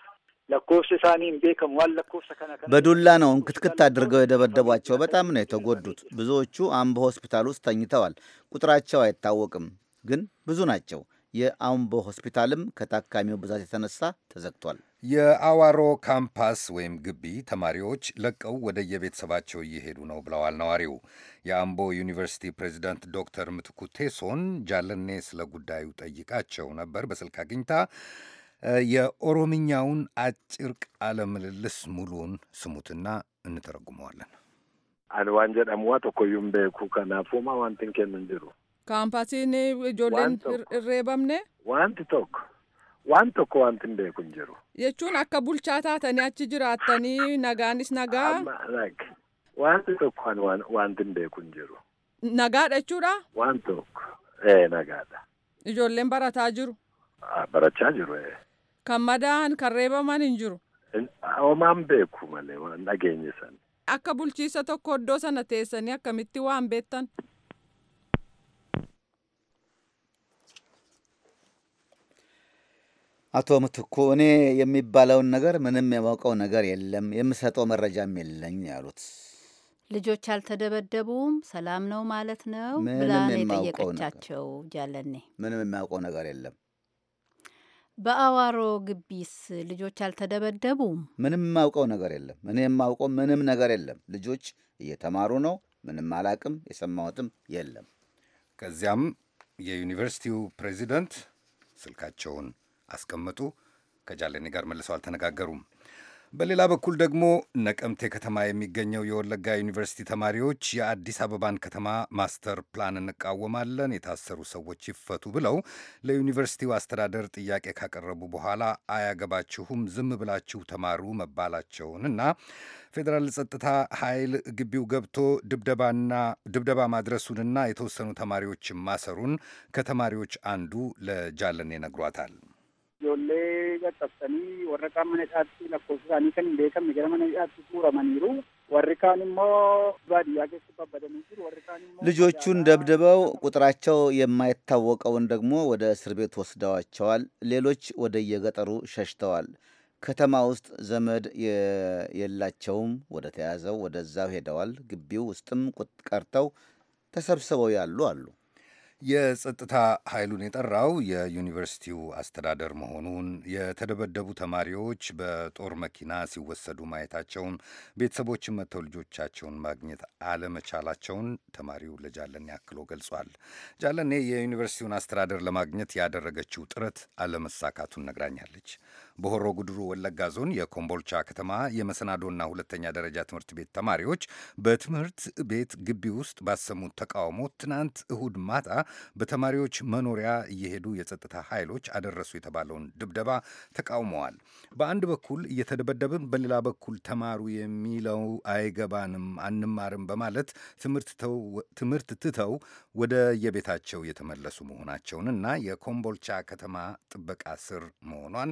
በዱላ ነው እንክትክት አድርገው የደበደቧቸው። በጣም ነው የተጎዱት። ብዙዎቹ አምቦ ሆስፒታል ውስጥ ተኝተዋል። ቁጥራቸው አይታወቅም፣ ግን ብዙ ናቸው። የአምቦ ሆስፒታልም ከታካሚው ብዛት የተነሳ ተዘግቷል። የአዋሮ ካምፓስ ወይም ግቢ ተማሪዎች ለቀው ወደ የቤተሰባቸው እየሄዱ ነው ብለዋል ነዋሪው። የአምቦ ዩኒቨርሲቲ ፕሬዚዳንት ዶክተር ምትኩ ቴሶን ጃለኔ ስለ ጉዳዩ ጠይቃቸው ነበር በስልክ አግኝታ Ya Oromiyaan aciirqa ala milillis mul'uun sumutinnu nuti raggu maalina. waan jedhamu waan tokko yommuu beeku kanaafu ma wanti hin kennan jiru? Kaampasiin ijoollee reebamne. Wanti tokko wanti tokko wanti hin beeku hin jiru. Yechuun akka bulchaa taatanii achi jiraattanii nagaanis nagaa. Wanti tokko ani wanti hin beeku hin jiru. Nagaadha jechuudhaa? Wanti tokko ee nagaa dha. Ijoolleen barataa jiru? Barachaa jiru ee. kan madaa'an kan reebaman hin jiru. Hoomaan beeku malee waan dhageenye sana. Akka bulchiisa tokko iddoo sana teessanii akkamitti waan beektan? አቶ ምትኩ እኔ የሚባለውን ነገር ምንም የማውቀው ነገር የለም፣ የምሰጠው መረጃም የለኝ ያሉት ልጆች አልተደበደቡም፣ ሰላም ነው ማለት ነው ብላ ነው የጠየቀቻቸው ጃለኔ። ምንም የማውቀው ነገር የለም በአዋሮ ግቢስ ልጆች አልተደበደቡም? ምንም የማውቀው ነገር የለም። እኔ የማውቀው ምንም ነገር የለም። ልጆች እየተማሩ ነው። ምንም አላቅም። የሰማሁትም የለም። ከዚያም የዩኒቨርሲቲው ፕሬዚደንት ስልካቸውን አስቀመጡ። ከጃለኔ ጋር መልሰው አልተነጋገሩም። በሌላ በኩል ደግሞ ነቀምቴ ከተማ የሚገኘው የወለጋ ዩኒቨርሲቲ ተማሪዎች የአዲስ አበባን ከተማ ማስተር ፕላን እንቃወማለን፣ የታሰሩ ሰዎች ይፈቱ ብለው ለዩኒቨርሲቲው አስተዳደር ጥያቄ ካቀረቡ በኋላ አያገባችሁም፣ ዝም ብላችሁ ተማሩ መባላቸውንና ፌዴራል ጸጥታ ኃይል ግቢው ገብቶ ድብደባና ድብደባ ማድረሱንና የተወሰኑ ተማሪዎችን ማሰሩን ከተማሪዎች አንዱ ለጃለኔ ነግሯታል። ijoollee qaqqabsanii warra qaama nidhaatti lakkoofsa isaanii kan hin beekamne gara mana nidhaatti muuramaniiru warri kaan immoo baadiyyaa keessatti babbadanii jiru warri kaan immoo ልጆቹን ደብድበው ቁጥራቸው የማይታወቀውን ደግሞ ወደ እስር ቤት ወስደዋቸዋል። ሌሎች ወደ የገጠሩ ሸሽተዋል። ከተማ ውስጥ ዘመድ የላቸውም ወደ ተያዘው ወደዛው ሄደዋል። ግቢው ውስጥም ቀርተው ተሰብስበው ያሉ አሉ። የጸጥታ ኃይሉን የጠራው የዩኒቨርሲቲው አስተዳደር መሆኑን የተደበደቡ ተማሪዎች በጦር መኪና ሲወሰዱ ማየታቸውን፣ ቤተሰቦችን መጥተው ልጆቻቸውን ማግኘት አለመቻላቸውን ተማሪው ለጃለኔ አክሎ ገልጿል። ጃለኔ የዩኒቨርሲቲውን አስተዳደር ለማግኘት ያደረገችው ጥረት አለመሳካቱን ነግራኛለች። በሆሮ ጉድሩ ወለጋ ዞን የኮምቦልቻ ከተማ የመሰናዶና ሁለተኛ ደረጃ ትምህርት ቤት ተማሪዎች በትምህርት ቤት ግቢ ውስጥ ባሰሙት ተቃውሞ ትናንት እሁድ ማታ በተማሪዎች መኖሪያ እየሄዱ የጸጥታ ኃይሎች አደረሱ የተባለውን ድብደባ ተቃውመዋል። በአንድ በኩል እየተደበደብን፣ በሌላ በኩል ተማሩ የሚለው አይገባንም፣ አንማርም በማለት ትምህርት ትተው ወደ የቤታቸው የተመለሱ እና የኮምቦልቻ ከተማ ጥበቃ ስር መሆኗን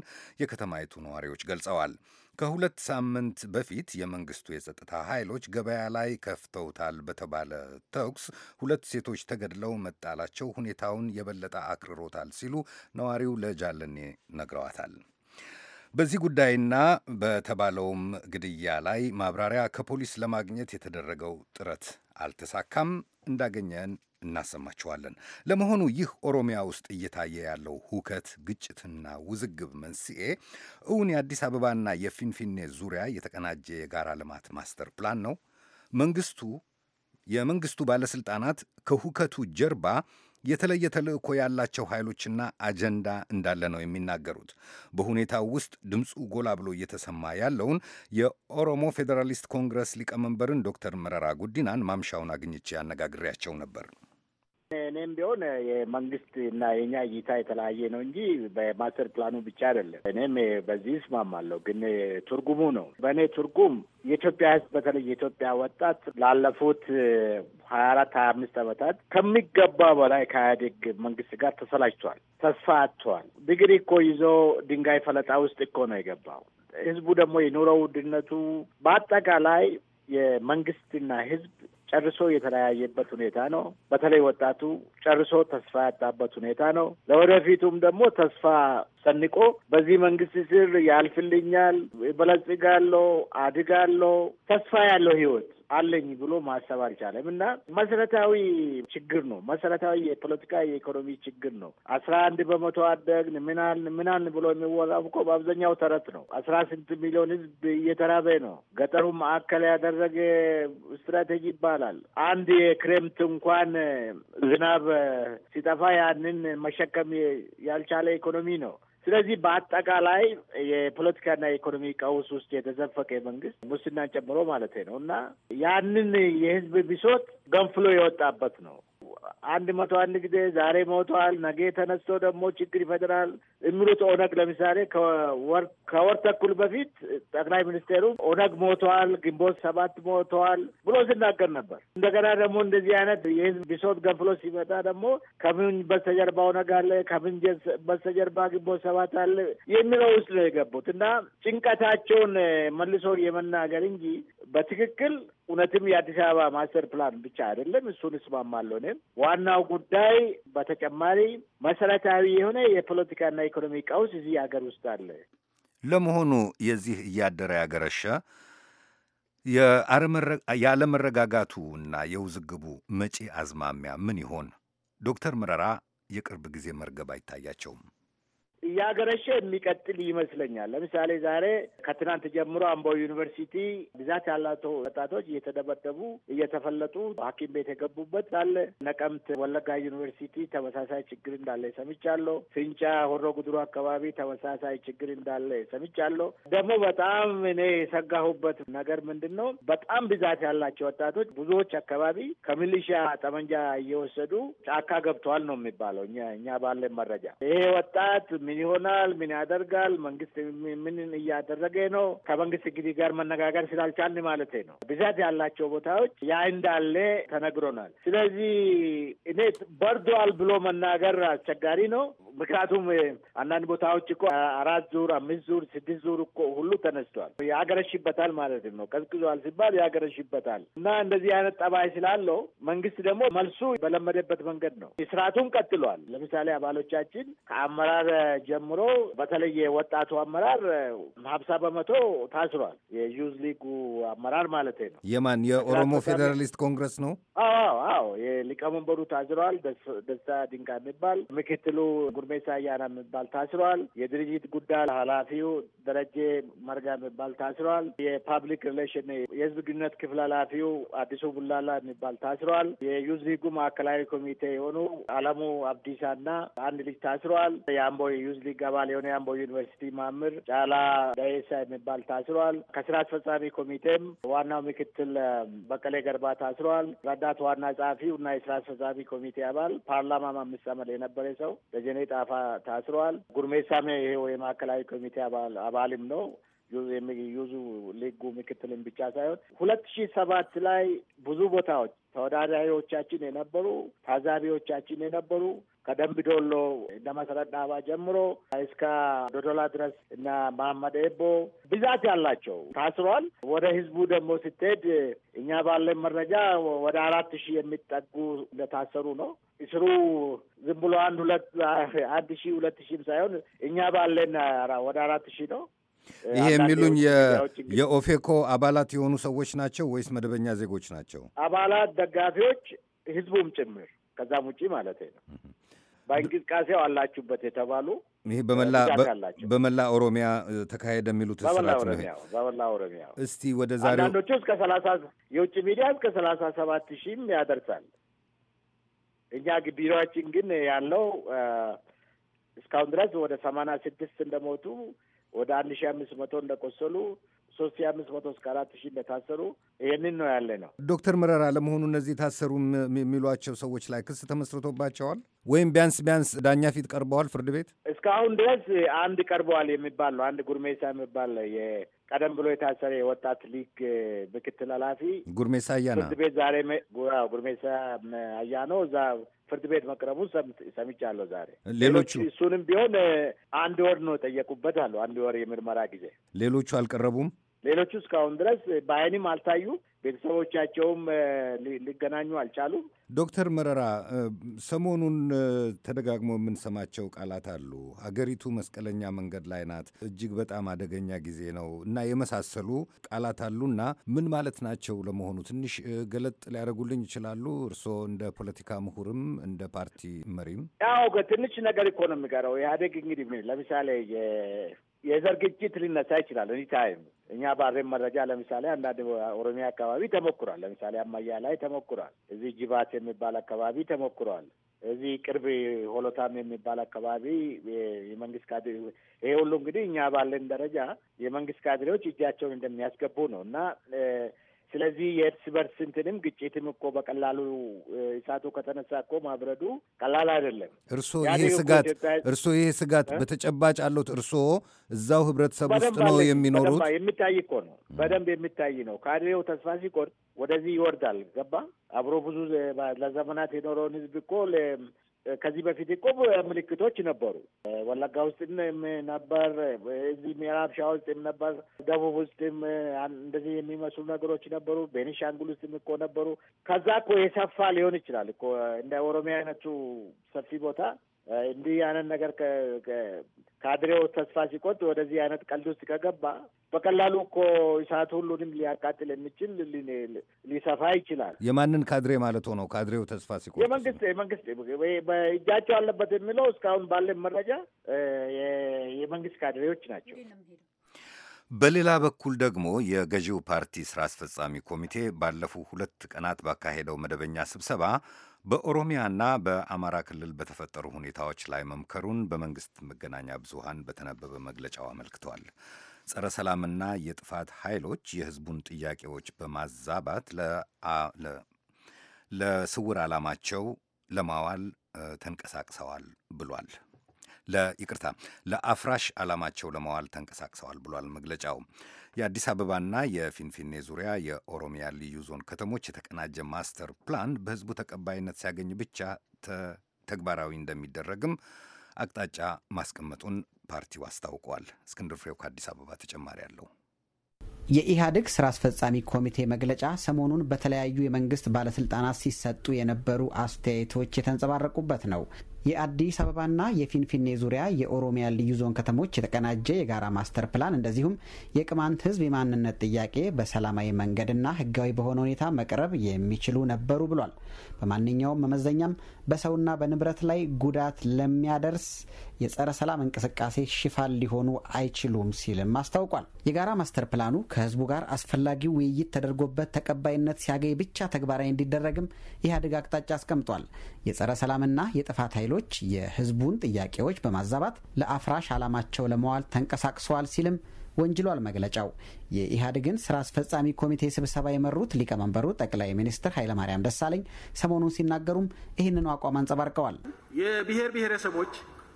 የከተማይቱ ነዋሪዎች ገልጸዋል። ከሁለት ሳምንት በፊት የመንግስቱ የጸጥታ ኃይሎች ገበያ ላይ ከፍተውታል በተባለ ተኩስ ሁለት ሴቶች ተገድለው መጣላቸው ሁኔታውን የበለጠ አክርሮታል ሲሉ ነዋሪው ለጃለኔ ነግረዋታል። በዚህ ጉዳይና በተባለውም ግድያ ላይ ማብራሪያ ከፖሊስ ለማግኘት የተደረገው ጥረት አልተሳካም። እንዳገኘን እናሰማችኋለን። ለመሆኑ ይህ ኦሮሚያ ውስጥ እየታየ ያለው ሁከት፣ ግጭትና ውዝግብ መንስኤ እውን የአዲስ አበባና የፊንፊኔ ዙሪያ የተቀናጀ የጋራ ልማት ማስተር ፕላን ነው? መንግስቱ የመንግስቱ ባለስልጣናት ከሁከቱ ጀርባ የተለየ ተልእኮ ያላቸው ኃይሎችና አጀንዳ እንዳለ ነው የሚናገሩት። በሁኔታው ውስጥ ድምፁ ጎላ ብሎ እየተሰማ ያለውን የኦሮሞ ፌዴራሊስት ኮንግረስ ሊቀመንበርን ዶክተር መረራ ጉዲናን ማምሻውን አግኝቼ አነጋግሬያቸው ነበር። እኔም ቢሆን የመንግስት እና የኛ እይታ የተለያየ ነው እንጂ በማስተር ፕላኑ ብቻ አይደለም። እኔም በዚህ እስማማለሁ፣ ግን ትርጉሙ ነው። በእኔ ትርጉም የኢትዮጵያ ሕዝብ በተለይ የኢትዮጵያ ወጣት ላለፉት ሀያ አራት ሀያ አምስት ዓመታት ከሚገባ በላይ ከኢህአዴግ መንግስት ጋር ተሰላጅቷል፣ ተስፋ አጥቷል። ዲግሪ እኮ ይዞ ድንጋይ ፈለጣ ውስጥ እኮ ነው የገባው። ህዝቡ ደግሞ የኑሮ ውድነቱ በአጠቃላይ የመንግስትና ህዝብ ጨርሶ የተለያየበት ሁኔታ ነው። በተለይ ወጣቱ ጨርሶ ተስፋ ያጣበት ሁኔታ ነው። ለወደፊቱም ደግሞ ተስፋ ሰንቆ በዚህ መንግስት ስር ያልፍልኛል፣ በለጽጋለሁ፣ አድጋለሁ ተስፋ ያለው ህይወት አለኝ ብሎ ማሰብ አልቻለም እና መሰረታዊ ችግር ነው። መሰረታዊ የፖለቲካ የኢኮኖሚ ችግር ነው። አስራ አንድ በመቶ አደግን ምናል ምናልን ብሎ የሚወራው እኮ በአብዛኛው ተረት ነው። አስራ ስንት ሚሊዮን ህዝብ እየተራበ ነው። ገጠሩን ማዕከል ያደረገ ስትራቴጂ ይባላል። አንድ የክሬምት እንኳን ዝናብ ሲጠፋ ያንን መሸከም ያልቻለ ኢኮኖሚ ነው። ስለዚህ በአጠቃላይ የፖለቲካና የኢኮኖሚ ቀውስ ውስጥ የተዘፈቀ መንግስት ሙስናን ጨምሮ ማለት ነው እና ያንን የህዝብ ቢሶት ገንፍሎ የወጣበት ነው። አንድ መቶ አንድ ጊዜ ዛሬ ሞቷል፣ ነገ ተነስቶ ደግሞ ችግር ይፈጥራል የሚሉት ኦነግ ለምሳሌ ከወር ተኩል በፊት ጠቅላይ ሚኒስቴሩ ኦነግ ሞቷል፣ ግንቦት ሰባት ሞቷል ብሎ ሲናገር ነበር። እንደገና ደግሞ እንደዚህ አይነት የህዝብ ብሶት ገንፍሎ ሲመጣ ደግሞ ከምን በስተጀርባ ኦነግ አለ፣ ከምን በስተጀርባ ግንቦት ሰባት አለ የሚለው ውስጥ ነው የገቡት እና ጭንቀታቸውን መልሶ የመናገር እንጂ በትክክል እውነትም የአዲስ አበባ ማስተር ፕላን ብቻ አይደለም፣ እሱን እስማማለሁ እኔም። ዋናው ጉዳይ በተጨማሪ መሰረታዊ የሆነ የፖለቲካና ኢኮኖሚ ቀውስ እዚህ ሀገር ውስጥ አለ። ለመሆኑ የዚህ እያደረ ያገረሸ የአለመረጋጋቱ እና የውዝግቡ መጪ አዝማሚያ ምን ይሆን? ዶክተር መረራ የቅርብ ጊዜ መርገብ አይታያቸውም። እያገረሸ የሚቀጥል ይመስለኛል። ለምሳሌ ዛሬ ከትናንት ጀምሮ አምቦ ዩኒቨርሲቲ ብዛት ያላቸው ወጣቶች እየተደበደቡ እየተፈለጡ ሐኪም ቤት የገቡበት አለ። ነቀምት ወለጋ ዩኒቨርሲቲ ተመሳሳይ ችግር እንዳለ ሰምቻለሁ። ፍንጫ ሆሮ ጉድሩ አካባቢ ተመሳሳይ ችግር እንዳለ ሰምቻለሁ። ደግሞ በጣም እኔ የሰጋሁበት ነገር ምንድን ነው? በጣም ብዛት ያላቸው ወጣቶች ብዙዎች አካባቢ ከሚሊሻ ጠመንጃ እየወሰዱ ጫካ ገብተዋል ነው የሚባለው እኛ ባለን መረጃ ይሄ ወጣት ይሆናል? ምን ያደርጋል? መንግስት ምን እያደረገ ነው? ከመንግስት እንግዲህ ጋር መነጋገር ስላልቻልን ማለት ነው። ብዛት ያላቸው ቦታዎች ያ እንዳለ ተነግሮናል። ስለዚህ እኔ በርዷል ብሎ መናገር አስቸጋሪ ነው። ምክንያቱም አንዳንድ ቦታዎች እኮ አራት ዙር፣ አምስት ዙር፣ ስድስት ዙር እኮ ሁሉ ተነስቷል። ያገረሽበታል ማለት ነው። ቀዝቅዟል ሲባል ያገረሽበታል እና እንደዚህ አይነት ጠባይ ስላለው መንግስት ደግሞ መልሱ በለመደበት መንገድ ነው። ስርዓቱም ቀጥሏል። ለምሳሌ አባሎቻችን ከአመራር ጀምሮ በተለይ የወጣቱ አመራር ሀምሳ በመቶ ታስሯል። የዩዝ ሊጉ አመራር ማለት ነው። የማን የኦሮሞ ፌዴራሊስት ኮንግረስ ነው? አዎ አዎ፣ የሊቀመንበሩ ታስሯል። ደስታ ድንቃ የሚባል ምክትሉ ጉርሜሳ አያና የሚባል ታስሯል። የድርጅት ጉዳይ ኃላፊው ደረጀ መርጋ የሚባል ታስሯል። የፓብሊክ ሪሌሽን የህዝብ ግንኙነት ክፍል ኃላፊው አዲሱ ቡላላ የሚባል ታስሯል። የዩዝ ሊጉ ማዕከላዊ ኮሚቴ የሆኑ አለሙ አብዲሳና አንድ ልጅ ታስሯል። የአምቦ ዩዝ ሊግ አባል የሆነ የአምቦ ዩኒቨርሲቲ ማምር ጫላ ዳይሳ የሚባል ታስሯል። ከስራ አስፈጻሚ ኮሚቴም ዋናው ምክትል በቀሌ ገርባ ታስሯል። ረዳት ዋና ጸሐፊው እና የስራ አስፈጻሚ ኮሚቴ አባል ፓርላማ አምስት ዓመት የነበረ ሰው ደጀኔ ጣፋ ታስሯል። ጉርሜሳሜ ይሄው የማዕከላዊ ኮሚቴ አባልም ነው። ዩዙ ሊጉ ምክትልን ብቻ ሳይሆን ሁለት ሺህ ሰባት ላይ ብዙ ቦታዎች ተወዳዳሪዎቻችን የነበሩ ታዛቢዎቻችን የነበሩ ከደንብ ዶሎ እነ መሰረት ዳባ ጀምሮ እስከ ዶዶላ ድረስ እና መሐመድ ኤቦ ብዛት ያላቸው ታስሯል። ወደ ህዝቡ ደግሞ ስትሄድ እኛ ባለን መረጃ ወደ አራት ሺህ የሚጠጉ እንደታሰሩ ነው። እስሩ ዝም ብሎ አንድ ሁለት አንድ ሺህ ሁለት ሺህም ሳይሆን እኛ ባለን ወደ አራት ሺህ ነው። ይሄ የሚሉኝ የኦፌኮ አባላት የሆኑ ሰዎች ናቸው ወይስ መደበኛ ዜጎች ናቸው? አባላት፣ ደጋፊዎች፣ ህዝቡም ጭምር ከዛም ውጪ ማለት ነው። በእንቅስቃሴው አላችሁበት የተባሉ ይሄ በመላ ኦሮሚያ ተካሄደ የሚሉት ስራት ነው። በመላ ኦሮሚያ እስቲ ወደ ዛሬው አንዳንዶቹ እስከ ሰላሳ የውጭ ሚዲያ እስከ ሰላሳ ሰባት ሺህም ያደርሳል። እኛ ቢሮችን ግን ያለው እስካሁን ድረስ ወደ ሰማንያ ስድስት እንደሞቱ ወደ አንድ ሺ አምስት መቶ እንደቆሰሉ ሶስት ሺ አምስት መቶ እስከ አራት ሺ እንደታሰሩ ይህንን ነው ያለ ነው። ዶክተር መረራ ለመሆኑ እነዚህ የታሰሩ የሚሏቸው ሰዎች ላይ ክስ ተመስርቶባቸዋል ወይም ቢያንስ ቢያንስ ዳኛ ፊት ቀርበዋል? ፍርድ ቤት እስካሁን ድረስ አንድ ቀርበዋል የሚባል ነው። አንድ ጉርሜሳ የሚባል የቀደም ብሎ የታሰረ የወጣት ሊግ ምክትል ኃላፊ ጉርሜሳ አያና ፍርድ ቤት ዛሬ ጉርሜሳ አያ ነው እዛ ፍርድ ቤት መቅረቡን ሰምቻለሁ ዛሬ። ሌሎቹ እሱንም ቢሆን አንድ ወር ነው የጠየቁበት አለው አንድ ወር የምርመራ ጊዜ። ሌሎቹ አልቀረቡም። ሌሎቹ እስካሁን ድረስ በአይንም አልታዩ ቤተሰቦቻቸውም ሊገናኙ አልቻሉም። ዶክተር መረራ ሰሞኑን ተደጋግሞ የምንሰማቸው ቃላት አሉ። ሀገሪቱ መስቀለኛ መንገድ ላይ ናት፣ እጅግ በጣም አደገኛ ጊዜ ነው እና የመሳሰሉ ቃላት አሉና ምን ማለት ናቸው ለመሆኑ ትንሽ ገለጥ ሊያደርጉልኝ ይችላሉ? እርስዎ እንደ ፖለቲካ ምሁርም እንደ ፓርቲ መሪም። ያው ትንሽ ነገር እኮ ነው የሚቀረው። ኢህአዴግ እንግዲህ ለምሳሌ የዘር ግጭት ሊነሳ ይችላል። እኒ ታይም እኛ ባሬን መረጃ ለምሳሌ አንዳንድ ኦሮሚያ አካባቢ ተሞክሯል። ለምሳሌ አማያ ላይ ተሞክሯል። እዚህ ጅባት የሚባል አካባቢ ተሞክሯል። እዚህ ቅርብ ሆሎታም የሚባል አካባቢ የመንግስት ካድሬ ይሄ ሁሉ እንግዲህ እኛ ባለን ደረጃ የመንግስት ካድሬዎች እጃቸውን እንደሚያስገቡ ነው እና ስለዚህ የእርስ በርስ እንትንም ግጭትም እኮ በቀላሉ እሳቱ ከተነሳ እኮ ማብረዱ ቀላል አይደለም። እርስዎ ይሄ ስጋት እርስዎ ይሄ ስጋት በተጨባጭ አሉት? እርስዎ እዛው ህብረተሰብ ውስጥ ነው የሚኖሩት? የሚታይ እኮ ነው፣ በደንብ የሚታይ ነው። ካድሬው ተስፋ ሲቆርጥ ወደዚህ ይወርዳል። ገባ አብሮ ብዙ ለዘመናት የኖረውን ህዝብ እኮ ከዚህ በፊት እኮ ምልክቶች ነበሩ። ወለጋ ውስጥም ነበር፣ እዚህ ምዕራብ ሸዋ ውስጥም ነበር፣ ደቡብ ውስጥም እንደዚህ የሚመስሉ ነገሮች ነበሩ። ቤኒሻንጉል ውስጥም እኮ ነበሩ። ከዛ እኮ የሰፋ ሊሆን ይችላል እኮ እንደ ኦሮሚያ አይነቱ ሰፊ ቦታ እንዲህ አይነት ነገር ካድሬው ተስፋ ሲቆጥ ወደዚህ አይነት ቀልድ ውስጥ ከገባ በቀላሉ እኮ እሳት ሁሉንም ሊያቃጥል የሚችል ሊሰፋ ይችላል። የማንን ካድሬ ማለት ሆነው? ካድሬው ተስፋ ሲቆጥ የመንግስት የመንግስት እጃቸው አለበት የሚለው እስካሁን ባለን መረጃ የመንግስት ካድሬዎች ናቸው። በሌላ በኩል ደግሞ የገዢው ፓርቲ ስራ አስፈጻሚ ኮሚቴ ባለፉ ሁለት ቀናት ባካሄደው መደበኛ ስብሰባ በኦሮሚያና በአማራ ክልል በተፈጠሩ ሁኔታዎች ላይ መምከሩን በመንግስት መገናኛ ብዙሃን በተነበበ መግለጫው አመልክቷል። ጸረ ሰላምና የጥፋት ኃይሎች የህዝቡን ጥያቄዎች በማዛባት ለስውር ዓላማቸው ለማዋል ተንቀሳቅሰዋል ብሏል። ለይቅርታ ለአፍራሽ ዓላማቸው ለማዋል ተንቀሳቅሰዋል ብሏል መግለጫው። የአዲስ አበባና የፊንፊኔ ዙሪያ የኦሮሚያ ልዩ ዞን ከተሞች የተቀናጀ ማስተር ፕላን በህዝቡ ተቀባይነት ሲያገኝ ብቻ ተግባራዊ እንደሚደረግም አቅጣጫ ማስቀመጡን ፓርቲው አስታውቋል። እስክንድር ፍሬው ከአዲስ አበባ ተጨማሪ አለው። የኢህአዴግ ስራ አስፈጻሚ ኮሚቴ መግለጫ ሰሞኑን በተለያዩ የመንግስት ባለስልጣናት ሲሰጡ የነበሩ አስተያየቶች የተንጸባረቁበት ነው። የአዲስ አበባና የፊንፊኔ ዙሪያ የኦሮሚያ ልዩ ዞን ከተሞች የተቀናጀ የጋራ ማስተር ፕላን እንደዚሁም የቅማንት ህዝብ የማንነት ጥያቄ በሰላማዊ መንገድና ህጋዊ በሆነ ሁኔታ መቅረብ የሚችሉ ነበሩ ብሏል። በማንኛውም መመዘኛም በሰውና በንብረት ላይ ጉዳት ለሚያደርስ የጸረ ሰላም እንቅስቃሴ ሽፋን ሊሆኑ አይችሉም ሲልም አስታውቋል። የጋራ ማስተር ፕላኑ ከህዝቡ ጋር አስፈላጊው ውይይት ተደርጎበት ተቀባይነት ሲያገኝ ብቻ ተግባራዊ እንዲደረግም ኢህአዴግ አቅጣጫ አስቀምጧል። የጸረ ሰላምና የጥፋት ኃይሎች የህዝቡን ጥያቄዎች በማዛባት ለአፍራሽ ዓላማቸው ለመዋል ተንቀሳቅሰዋል ሲልም ወንጅሏል። መግለጫው የኢህአዴግን ስራ አስፈጻሚ ኮሚቴ ስብሰባ የመሩት ሊቀመንበሩ ጠቅላይ ሚኒስትር ኃይለማርያም ደሳለኝ ሰሞኑን ሲናገሩም ይህንኑ አቋም አንጸባርቀዋል። የብሔር ብሔረሰቦች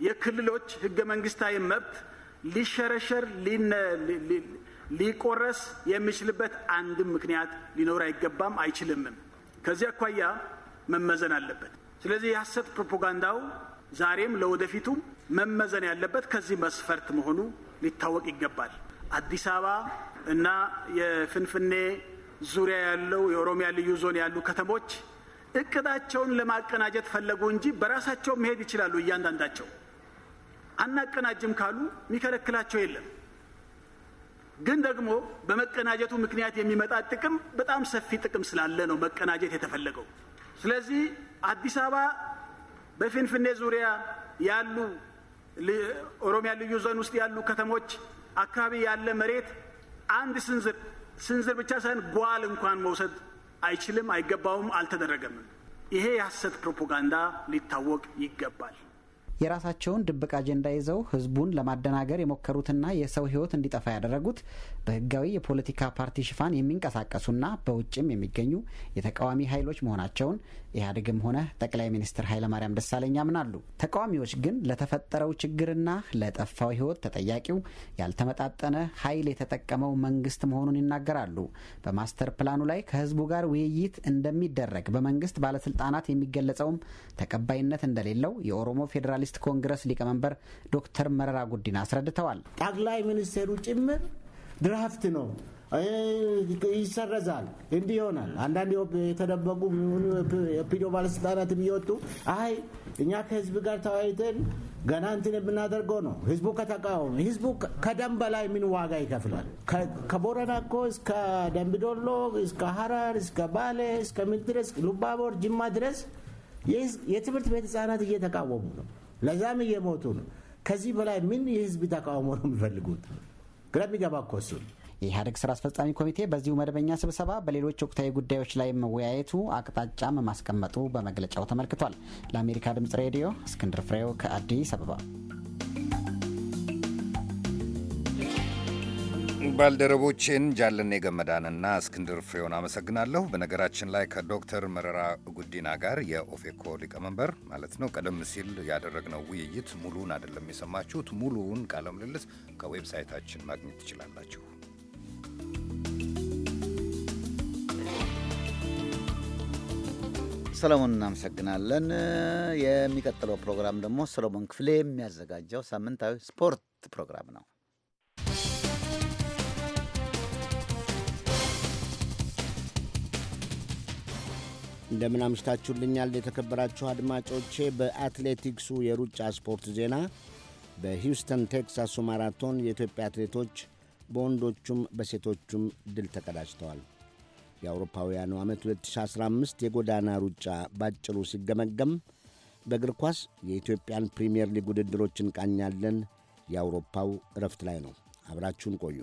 የክልሎች ህገ መንግስታዊ መብት ሊሸረሸር ሊቆረስ የሚችልበት አንድም ምክንያት ሊኖር አይገባም፣ አይችልምም። ከዚህ አኳያ መመዘን አለበት። ስለዚህ የሐሰት ፕሮፓጋንዳው ዛሬም ለወደፊቱም መመዘን ያለበት ከዚህ መስፈርት መሆኑ ሊታወቅ ይገባል። አዲስ አበባ እና የፍንፍኔ ዙሪያ ያለው የኦሮሚያ ልዩ ዞን ያሉ ከተሞች እቅዳቸውን ለማቀናጀት ፈለጉ እንጂ በራሳቸው መሄድ ይችላሉ እያንዳንዳቸው አናቀናጅም ካሉ የሚከለክላቸው የለም። ግን ደግሞ በመቀናጀቱ ምክንያት የሚመጣ ጥቅም በጣም ሰፊ ጥቅም ስላለ ነው መቀናጀት የተፈለገው። ስለዚህ አዲስ አበባ በፊንፍኔ ዙሪያ ያሉ ኦሮሚያ ልዩ ዞን ውስጥ ያሉ ከተሞች አካባቢ ያለ መሬት አንድ ስንዝር ስንዝር ብቻ ሳይሆን ጓል እንኳን መውሰድ አይችልም፣ አይገባውም፣ አልተደረገም። ይሄ የሐሰት ፕሮፓጋንዳ ሊታወቅ ይገባል። የራሳቸውን ድብቅ አጀንዳ ይዘው ህዝቡን ለማደናገር የሞከሩትና የሰው ህይወት እንዲጠፋ ያደረጉት በህጋዊ የፖለቲካ ፓርቲ ሽፋን የሚንቀሳቀሱና በውጭም የሚገኙ የተቃዋሚ ኃይሎች መሆናቸውን ኢህአዴግም ሆነ ጠቅላይ ሚኒስትር ኃይለማርያም ደሳለኝ ያምናሉ። ተቃዋሚዎች ግን ለተፈጠረው ችግርና ለጠፋው ህይወት ተጠያቂው ያልተመጣጠነ ኃይል የተጠቀመው መንግስት መሆኑን ይናገራሉ። በማስተር ፕላኑ ላይ ከህዝቡ ጋር ውይይት እንደሚደረግ በመንግስት ባለስልጣናት የሚገለጸውም ተቀባይነት እንደሌለው የኦሮሞ ፌዴራሊስት ኮንግረስ ሊቀመንበር ዶክተር መረራ ጉዲና አስረድተዋል። ጠቅላይ ሚኒስቴሩ ጭምር ድራፍት ነው ይሰረዛል፣ እንዲህ ይሆናል። አንዳንድ የተደበቁ የፒዶ ባለስልጣናት እየወጡ አይ እኛ ከህዝብ ጋር ተወያይተን ገና እንትን የምናደርገው ነው። ህዝቡ ከተቃወመ ህዝቡ ከደም በላይ ምን ዋጋ ይከፍላል? ከቦረና እኮ እስከ ደምቢዶሎ እስከ ሀራር እስከ ባሌ እስከ ምን ድረስ ሉባቦር፣ ጅማ ድረስ የትምህርት ቤት ህጻናት እየተቃወሙ ነው። ለዛም እየሞቱ ነው። ከዚህ በላይ ምን የህዝብ ተቃውሞ ነው የሚፈልጉት? ግራ የሚገባ እኮ እሱ የኢህአዴግ ስራ አስፈጻሚ ኮሚቴ በዚሁ መደበኛ ስብሰባ በሌሎች ወቅታዊ ጉዳዮች ላይ መወያየቱ አቅጣጫም ማስቀመጡ በመግለጫው ተመልክቷል። ለአሜሪካ ድምጽ ሬዲዮ እስክንድር ፍሬው ከአዲስ አበባ ባልደረቦቼን ጃለኔ ገመዳንና እስክንድር ፍሬውን አመሰግናለሁ። በነገራችን ላይ ከዶክተር መረራ ጉዲና ጋር የኦፌኮ ሊቀመንበር ማለት ነው ቀደም ሲል ያደረግነው ውይይት ሙሉውን አይደለም የሰማችሁት። ሙሉውን ቃለ ምልልስ ከዌብሳይታችን ማግኘት ትችላላችሁ። ሰለሞን እናመሰግናለን። የሚቀጥለው ፕሮግራም ደግሞ ሰለሞን ክፍሌ የሚያዘጋጀው ሳምንታዊ ስፖርት ፕሮግራም ነው። እንደምን አምሽታችሁልኛል የተከበራችሁ አድማጮቼ። በአትሌቲክሱ የሩጫ ስፖርት ዜና በሂውስተን ቴክሳሱ ማራቶን የኢትዮጵያ አትሌቶች በወንዶቹም በሴቶቹም ድል ተቀዳጅተዋል። የአውሮፓውያኑ ዓመት 2015 የጎዳና ሩጫ ባጭሩ ሲገመገም በእግር ኳስ የኢትዮጵያን ፕሪምየር ሊግ ውድድሮች እንቃኛለን። የአውሮፓው እረፍት ላይ ነው። አብራችሁን ቆዩ።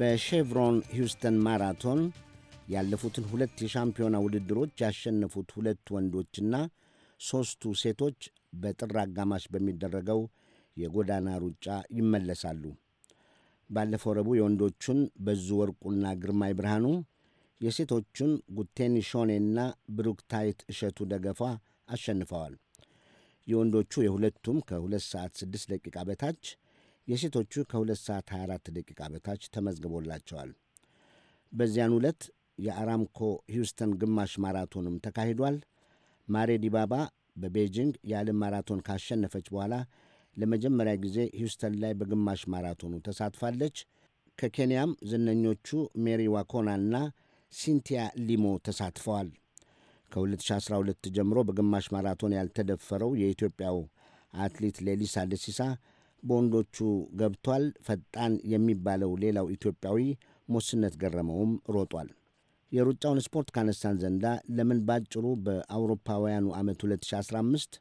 በሼቭሮን ሂውስተን ማራቶን ያለፉትን ሁለት የሻምፒዮና ውድድሮች ያሸነፉት ሁለት ወንዶችና ሦስቱ ሴቶች በጥር አጋማሽ በሚደረገው የጎዳና ሩጫ ይመለሳሉ። ባለፈው ረቡዕ የወንዶቹን በዙ ወርቁና ግርማይ ብርሃኑ የሴቶቹን ጉቴኒ ሾኔና ብሩክታይት እሸቱ ደገፋ አሸንፈዋል። የወንዶቹ የሁለቱም ከሁለት ሰዓት ስድስት ደቂቃ በታች የሴቶቹ ከ2 ሰዓት 24 ደቂቃ በታች ተመዝግቦላቸዋል። በዚያን ዕለት የአራምኮ ሂውስተን ግማሽ ማራቶንም ተካሂዷል። ማሬ ዲባባ በቤጂንግ የዓለም ማራቶን ካሸነፈች በኋላ ለመጀመሪያ ጊዜ ሂውስተን ላይ በግማሽ ማራቶኑ ተሳትፋለች። ከኬንያም ዝነኞቹ ሜሪ ዋኮና እና ሲንቲያ ሊሞ ተሳትፈዋል። ከ2012 ጀምሮ በግማሽ ማራቶን ያልተደፈረው የኢትዮጵያው አትሌት ሌሊሳ ደሲሳ በወንዶቹ ገብቷል። ፈጣን የሚባለው ሌላው ኢትዮጵያዊ ሞስነት ገረመውም ሮጧል። የሩጫውን ስፖርት ካነሳን ዘንዳ ለምን ባጭሩ በአውሮፓውያኑ ዓመት 2015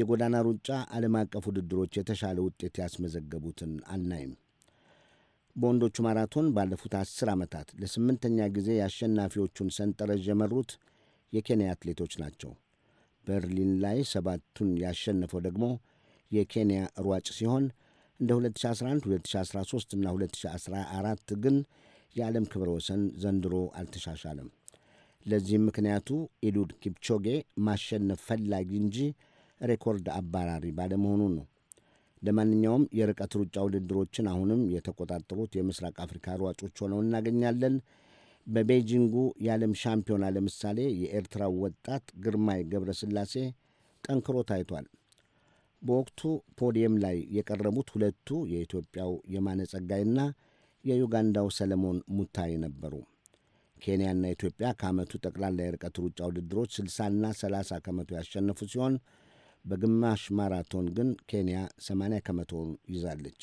የጎዳና ሩጫ ዓለም አቀፍ ውድድሮች የተሻለ ውጤት ያስመዘገቡትን አናይም? በወንዶቹ ማራቶን ባለፉት አስር ዓመታት ለስምንተኛ ጊዜ የአሸናፊዎቹን ሰንጠረዥ የመሩት የኬንያ አትሌቶች ናቸው። በርሊን ላይ ሰባቱን ያሸነፈው ደግሞ የኬንያ ሯጭ ሲሆን እንደ 2011፣ 2013 እና 2014 ግን የዓለም ክብረ ወሰን ዘንድሮ አልተሻሻለም። ለዚህም ምክንያቱ ኢሉድ ኪፕቾጌ ማሸነፍ ፈላጊ እንጂ ሬኮርድ አባራሪ ባለመሆኑ ነው። ለማንኛውም የርቀት ሩጫ ውድድሮችን አሁንም የተቆጣጠሩት የምስራቅ አፍሪካ ሯጮች ሆነው እናገኛለን። በቤይጂንጉ የዓለም ሻምፒዮና ለምሳሌ የኤርትራው ወጣት ግርማይ ገብረስላሴ ጠንክሮ ታይቷል። በወቅቱ ፖዲየም ላይ የቀረቡት ሁለቱ የኢትዮጵያው የማነ ጸጋይና የዩጋንዳው ሰለሞን ሙታይ ነበሩ። ኬንያና ኢትዮጵያ ከዓመቱ ጠቅላላ የርቀት ሩጫ ውድድሮች 60ና 30 ከመቶ ያሸነፉ ሲሆን በግማሽ ማራቶን ግን ኬንያ 80 ከመቶውን ይዛለች።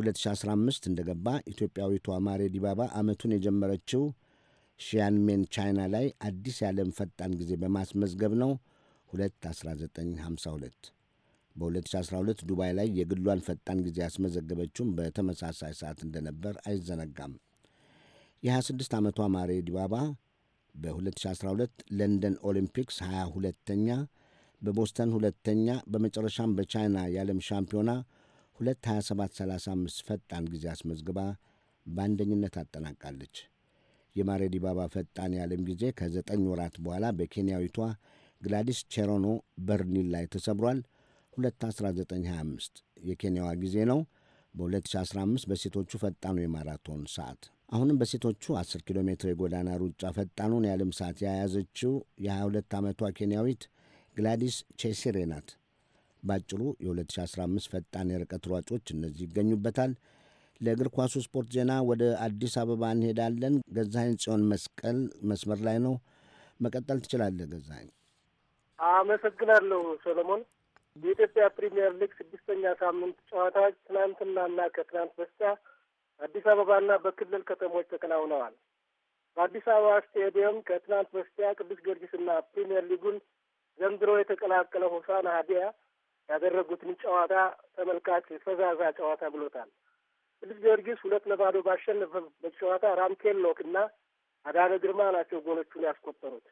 2015 እንደገባ ኢትዮጵያዊቷ ማሬ ዲባባ ዓመቱን የጀመረችው ሺያንሜን ቻይና ላይ አዲስ የዓለም ፈጣን ጊዜ በማስመዝገብ ነው 21952 በ2012 ዱባይ ላይ የግሏን ፈጣን ጊዜ ያስመዘገበችውም በተመሳሳይ ሰዓት እንደነበር አይዘነጋም። የ26 ዓመቷ ማሬ ዲባባ በ2012 ለንደን ኦሊምፒክስ 22ተኛ፣ በቦስተን ሁለተኛ፣ በመጨረሻም በቻይና የዓለም ሻምፒዮና 2:27:35 ፈጣን ጊዜ አስመዝግባ በአንደኝነት አጠናቃለች። የማሬ ዲባባ ፈጣን የዓለም ጊዜ ከዘጠኝ ወራት በኋላ በኬንያዊቷ ግላዲስ ቼሮኖ በርኒል ላይ ተሰብሯል። 21925 የኬንያዋ ጊዜ ነው። በ2015 በሴቶቹ ፈጣኑ የማራቶን ሰዓት አሁንም በሴቶቹ 10 ኪሎ ሜትር የጎዳና ሩጫ ፈጣኑን የዓለም ሰዓት የያዘችው የ22 ዓመቷ ኬንያዊት ግላዲስ ቼሴሬ ናት። ባጭሩ የ2015 ፈጣን የርቀት ሯጮች እነዚህ ይገኙበታል። ለእግር ኳሱ ስፖርት ዜና ወደ አዲስ አበባ እንሄዳለን። ገዛኸኝ ጽዮን መስቀል መስመር ላይ ነው። መቀጠል ትችላለህ ገዛኸኝ። አመሰግናለሁ ሰለሞን። የኢትዮጵያ ፕሪምየር ሊግ ስድስተኛ ሳምንት ጨዋታዎች ትናንትናና ከትናንት በስቲያ አዲስ አበባና በክልል ከተሞች ተከናውነዋል። በአዲስ አበባ ስቴዲየም ከትናንት በስቲያ ቅዱስ ጊዮርጊስና ፕሪምየር ሊጉን ዘንድሮ የተቀላቀለ ሆሳና ሀዲያ ያደረጉትን ጨዋታ ተመልካች ፈዛዛ ጨዋታ ብሎታል። ቅዱስ ጊዮርጊስ ሁለት ለባዶ ባሸነፈበት ጨዋታ ሎክ እና አዳነ ግርማ ናቸው ጎሎቹን ያስቆጠሩት።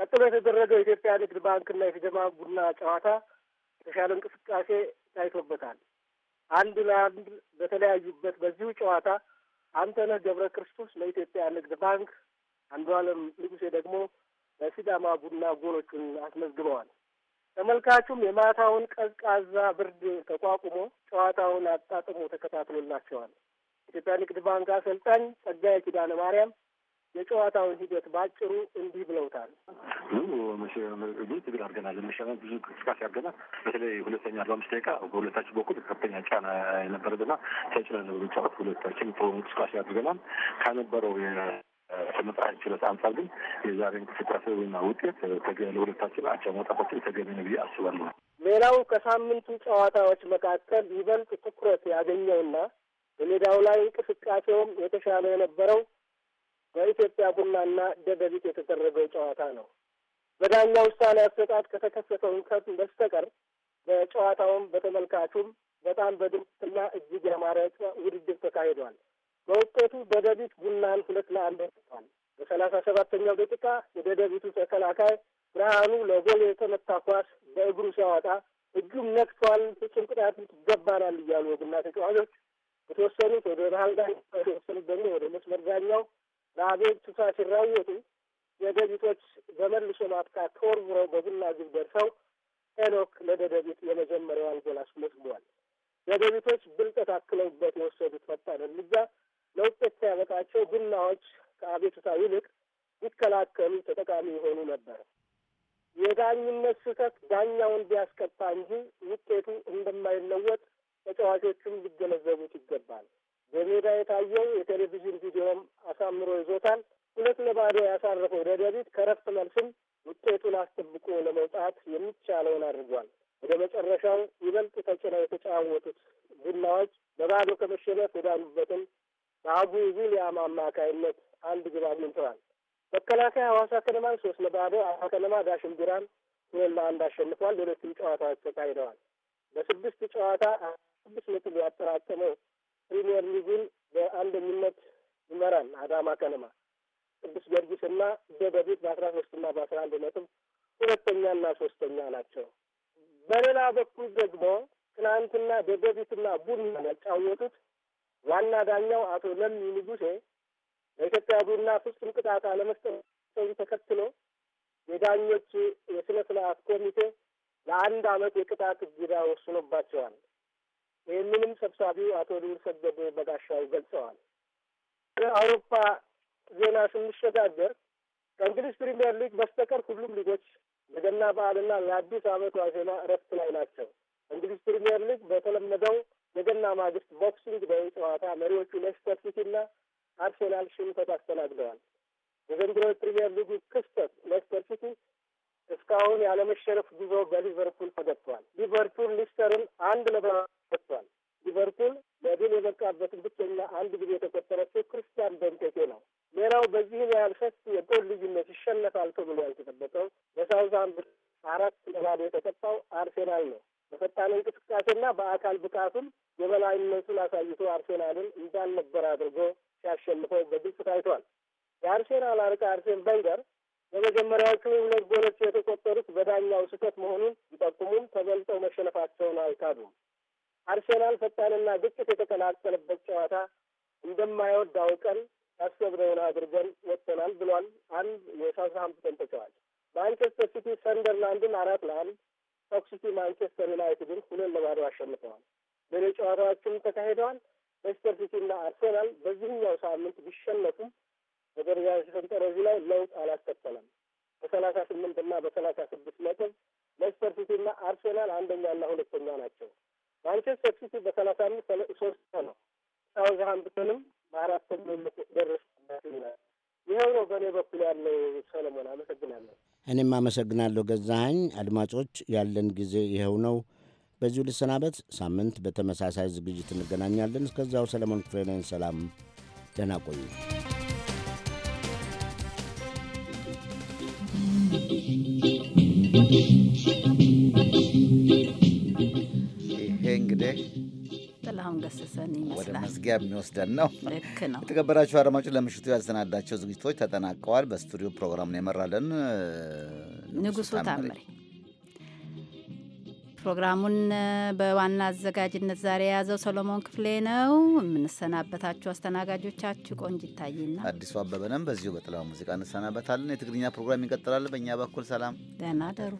ቀጥሎ የተደረገው የኢትዮጵያ ንግድ ባንክና የሲዳማ ቡና ጨዋታ የተሻለ እንቅስቃሴ ታይቶበታል። አንድ ለአንድ በተለያዩበት በዚሁ ጨዋታ አንተነህ ገብረ ክርስቶስ ለኢትዮጵያ ንግድ ባንክ፣ አንዱዓለም ንጉሴ ደግሞ ለሲዳማ ቡና ጎሎቹን አስመዝግበዋል። ተመልካቹም የማታውን ቀዝቃዛ ብርድ ተቋቁሞ ጨዋታውን አጣጥሞ ተከታትሎላቸዋል። ኢትዮጵያ ንግድ ባንክ አሰልጣኝ ጸጋዬ ኪዳነ ማርያም የጨዋታውን ሂደት ባጭሩ እንዲህ ብለውታል። ትግል አድርገናል፣ ለመሻማት ብዙ እንቅስቃሴ አድርገናል። በተለይ ሁለተኛ አርባ አምስት ደቂቃ በሁለታችን በኩል ከፍተኛ ጫና የነበረና ተጭለን በመጫወት ሁለታችን ጥሩ እንቅስቃሴ አድርገናል ከነበረው ተመጣጣኝ ችሎታ አንጻር ግን የዛሬ እንቅስቃሴ ወይና ውጤት ለሁለታችን አቻ መውጣታችን ተገቢ ነው ብዬ አስባለሁ። ሌላው ከሳምንቱ ጨዋታዎች መካከል ይበልጥ ትኩረት ያገኘውና በሜዳው ላይ እንቅስቃሴውም የተሻለ የነበረው በኢትዮጵያ ቡናና ደደቢት የተደረገው ጨዋታ ነው። በዳኛ ውሳኔ አሰጣጥ ከተከሰተው እንከን በስተቀር በጨዋታውም በተመልካቹም በጣም በድምፅና እጅግ ያማረ ውድድር ተካሂዷል። በውጤቱ ደደቢት ቡናን ሁለት ለአንድ ወጥቷል። በሰላሳ ሰባተኛው ደቂቃ የደደቢቱ ተከላካይ ብርሃኑ ለጎል የተመታ ኳስ በእግሩ ሲያወጣ እጁም ነክቷል። ፍጹም ቅጣት ይገባናል እያሉ የቡና ተጫዋቾች የተወሰኑት ወደ ባህል ዳኛ፣ የተወሰኑት ደግሞ ወደ መስመር ዳኛው በአቤቱታ ሲራወጡ የደቢቶች በመልሶ ማጥቃት ተወርውረው በቡና ግብ ደርሰው ሄኖክ ለደደቢት የመጀመሪያዋን ጎል አስመዝግቧል። ደደቢቶች ብልጠት አክለውበት የወሰዱት ፈጣን እርምጃ ለውጤት ያበቃቸው ቡናዎች ከአቤቱታ ይልቅ ይከላከሉ ተጠቃሚ የሆኑ ነበር። የዳኝነት ስህተት ዳኛውን ቢያስቀጣ እንጂ ውጤቱ እንደማይለወጥ ተጫዋቾቹም ሊገነዘቡት ይገባል። በሜዳ የታየው የቴሌቪዥን ቪዲዮም አሳምሮ ይዞታል። ሁለት ለባዶ ያሳረፈው ደደቢት ከረፍት መልስም ውጤቱን አስጠብቆ ለመውጣት የሚቻለውን አድርጓል። ወደ መጨረሻው ይበልጥ ተጭነው የተጫወቱት ቡናዎች በባዶ ከመሸነፍ ወዳሉበትም በአቡ ዊሊያም አማካይነት አንድ ግብ አግኝተዋል። መከላከያ ሐዋሳ ከነማን ሶስት ለባዶ፣ ሐዋሳ ከነማ ዳሽን ቢራን ሁለት ለአንድ አሸንፏል። ሌሎችም ጨዋታዎች ተካሂደዋል። በስድስት ጨዋታ ስድስት ነጥብ ያጠራቀመው ፕሪሚየር ሊጉን በአንደኝነት ይመራል አዳማ ከነማ። ቅዱስ ጊዮርጊስና ደደቢት በአስራ ሶስትና በአስራ አንድ ነጥብ ሁለተኛና ሶስተኛ ናቸው። በሌላ በኩል ደግሞ ትናንትና ደደቢትና ቡና ያጫወቱት ዋና ዳኛው አቶ ለሚ ንጉሴ ለኢትዮጵያ ቡና ፍጹም ቅጣት አለመስጠቱን ተከትሎ የዳኞች የስነ ስርዓት ኮሚቴ ለአንድ አመት የቅጣት እገዳ ወስኖባቸዋል። ይህንንም ሰብሳቢው አቶ ልዑል ሰገድ በጋሻው ገልጸዋል። ከአውሮፓ ዜና ስንሸጋገር ከእንግሊዝ ፕሪምየር ሊግ በስተቀር ሁሉም ሊጎች ለገና በዓልና ለአዲስ ዓመት ዋዜማ እረፍት ላይ ናቸው። እንግሊዝ ፕሪምየር ሊግ በተለመደው የገና ማግስት ቦክሲንግ ዴይ ጨዋታ መሪዎቹ ሌስተር ሲቲና አርሴናል ሽንፈት አስተናግደዋል። የዘንድሮ ፕሪምየር ሊጉ ክስተት ሌስተር ሲቲ እስካሁን ያለመሸነፍ ጉዞ በሊቨርፑል ተገብቷል። ሊቨርፑል ሊስተርን አንድ ለባ ያህል ሰፊ የጎል ልዩነት ይሸነፋል ተብሎ ያልተጠበቀው በሳውዝሃምፕተን አራት ለባዶ የተሰጣው አርሴናል ነው። በፈጣን እንቅስቃሴና በአካል ብቃቱም የበላይነቱን አሳይቶ አርሴናልን እንዳልነበር አድርጎ ሲያሸንፈው በግልጽ ታይቷል። የአርሴናል አርቃ አርሴን በንገር የመጀመሪያዎቹ ሁለት ጎሎች የተቆጠሩት በዳኛው ስህተት መሆኑን ቢጠቁሙም ተበልጠው መሸነፋቸውን አልካዱም። አርሴናል ፈጣንና ግጭት የተቀላቀለበት ጨዋታ እንደማይወድ አውቀን ያሰብነውን አድርገን ወጥተናል ብሏል። አንድ የሳውዝሃምፕተን ተጫዋች ማንቸስተር ሲቲ ሰንደርላንድን አራት ለአንድ ሶክ ሲቲ ማንቸስተር ዩናይትድን ሁለት ለባዶ አሸንፈዋል። ሌሎች ጨዋታዎችም ተካሂደዋል። ሌስተር ሲቲ እና አርሰናል በዚህኛው ሳምንት ቢሸነፉም በደረጃ ሰንጠረዡ ላይ ለውጥ አላስከተለም። በሰላሳ ስምንት እና በሰላሳ ስድስት ነጥብ ሌስተር ሲቲ እና አርሰናል አንደኛና ሁለተኛ ናቸው። ማንቸስተር ሲቲ በሰላሳ አምስት ሶስት ነው። ሳውዝሃምፕተንም በአራተኛው ይላል። ይኸው ነው በእኔ በኩል ያለው ሰለሞን፣ አመሰግናለሁ። እኔም አመሰግናለሁ ገዛኸኝ። አድማጮች ያለን ጊዜ ይኸው ነው። በዚሁ ልሰናበት። ሳምንት በተመሳሳይ ዝግጅት እንገናኛለን። እስከዚያው ሰለሞን ክፍሌ ነኝ። ሰላም፣ ደህና ቆዩ። Thank you. ጥላሁን ገሰሰን ይመስላል ወደ መዝጊያ የሚወስደን ነው። ልክ ነው። የተከበራችሁ አድማጮች ለምሽቱ ያሰናዳቸው ዝግጅቶች ተጠናቀዋል። በስቱዲዮ ፕሮግራሙን የመራለን ንጉሱ ታምሬ፣ ፕሮግራሙን በዋና አዘጋጅነት ዛሬ የያዘው ሰሎሞን ክፍሌ ነው። የምንሰናበታችሁ አስተናጋጆቻችሁ ቆንጅ ይታይና አዲሱ አበበንም በዚሁ በጥላው ሙዚቃ እንሰናበታለን። የትግርኛ ፕሮግራም ይቀጥላል። በእኛ በኩል ሰላም፣ ደህና ደሩ።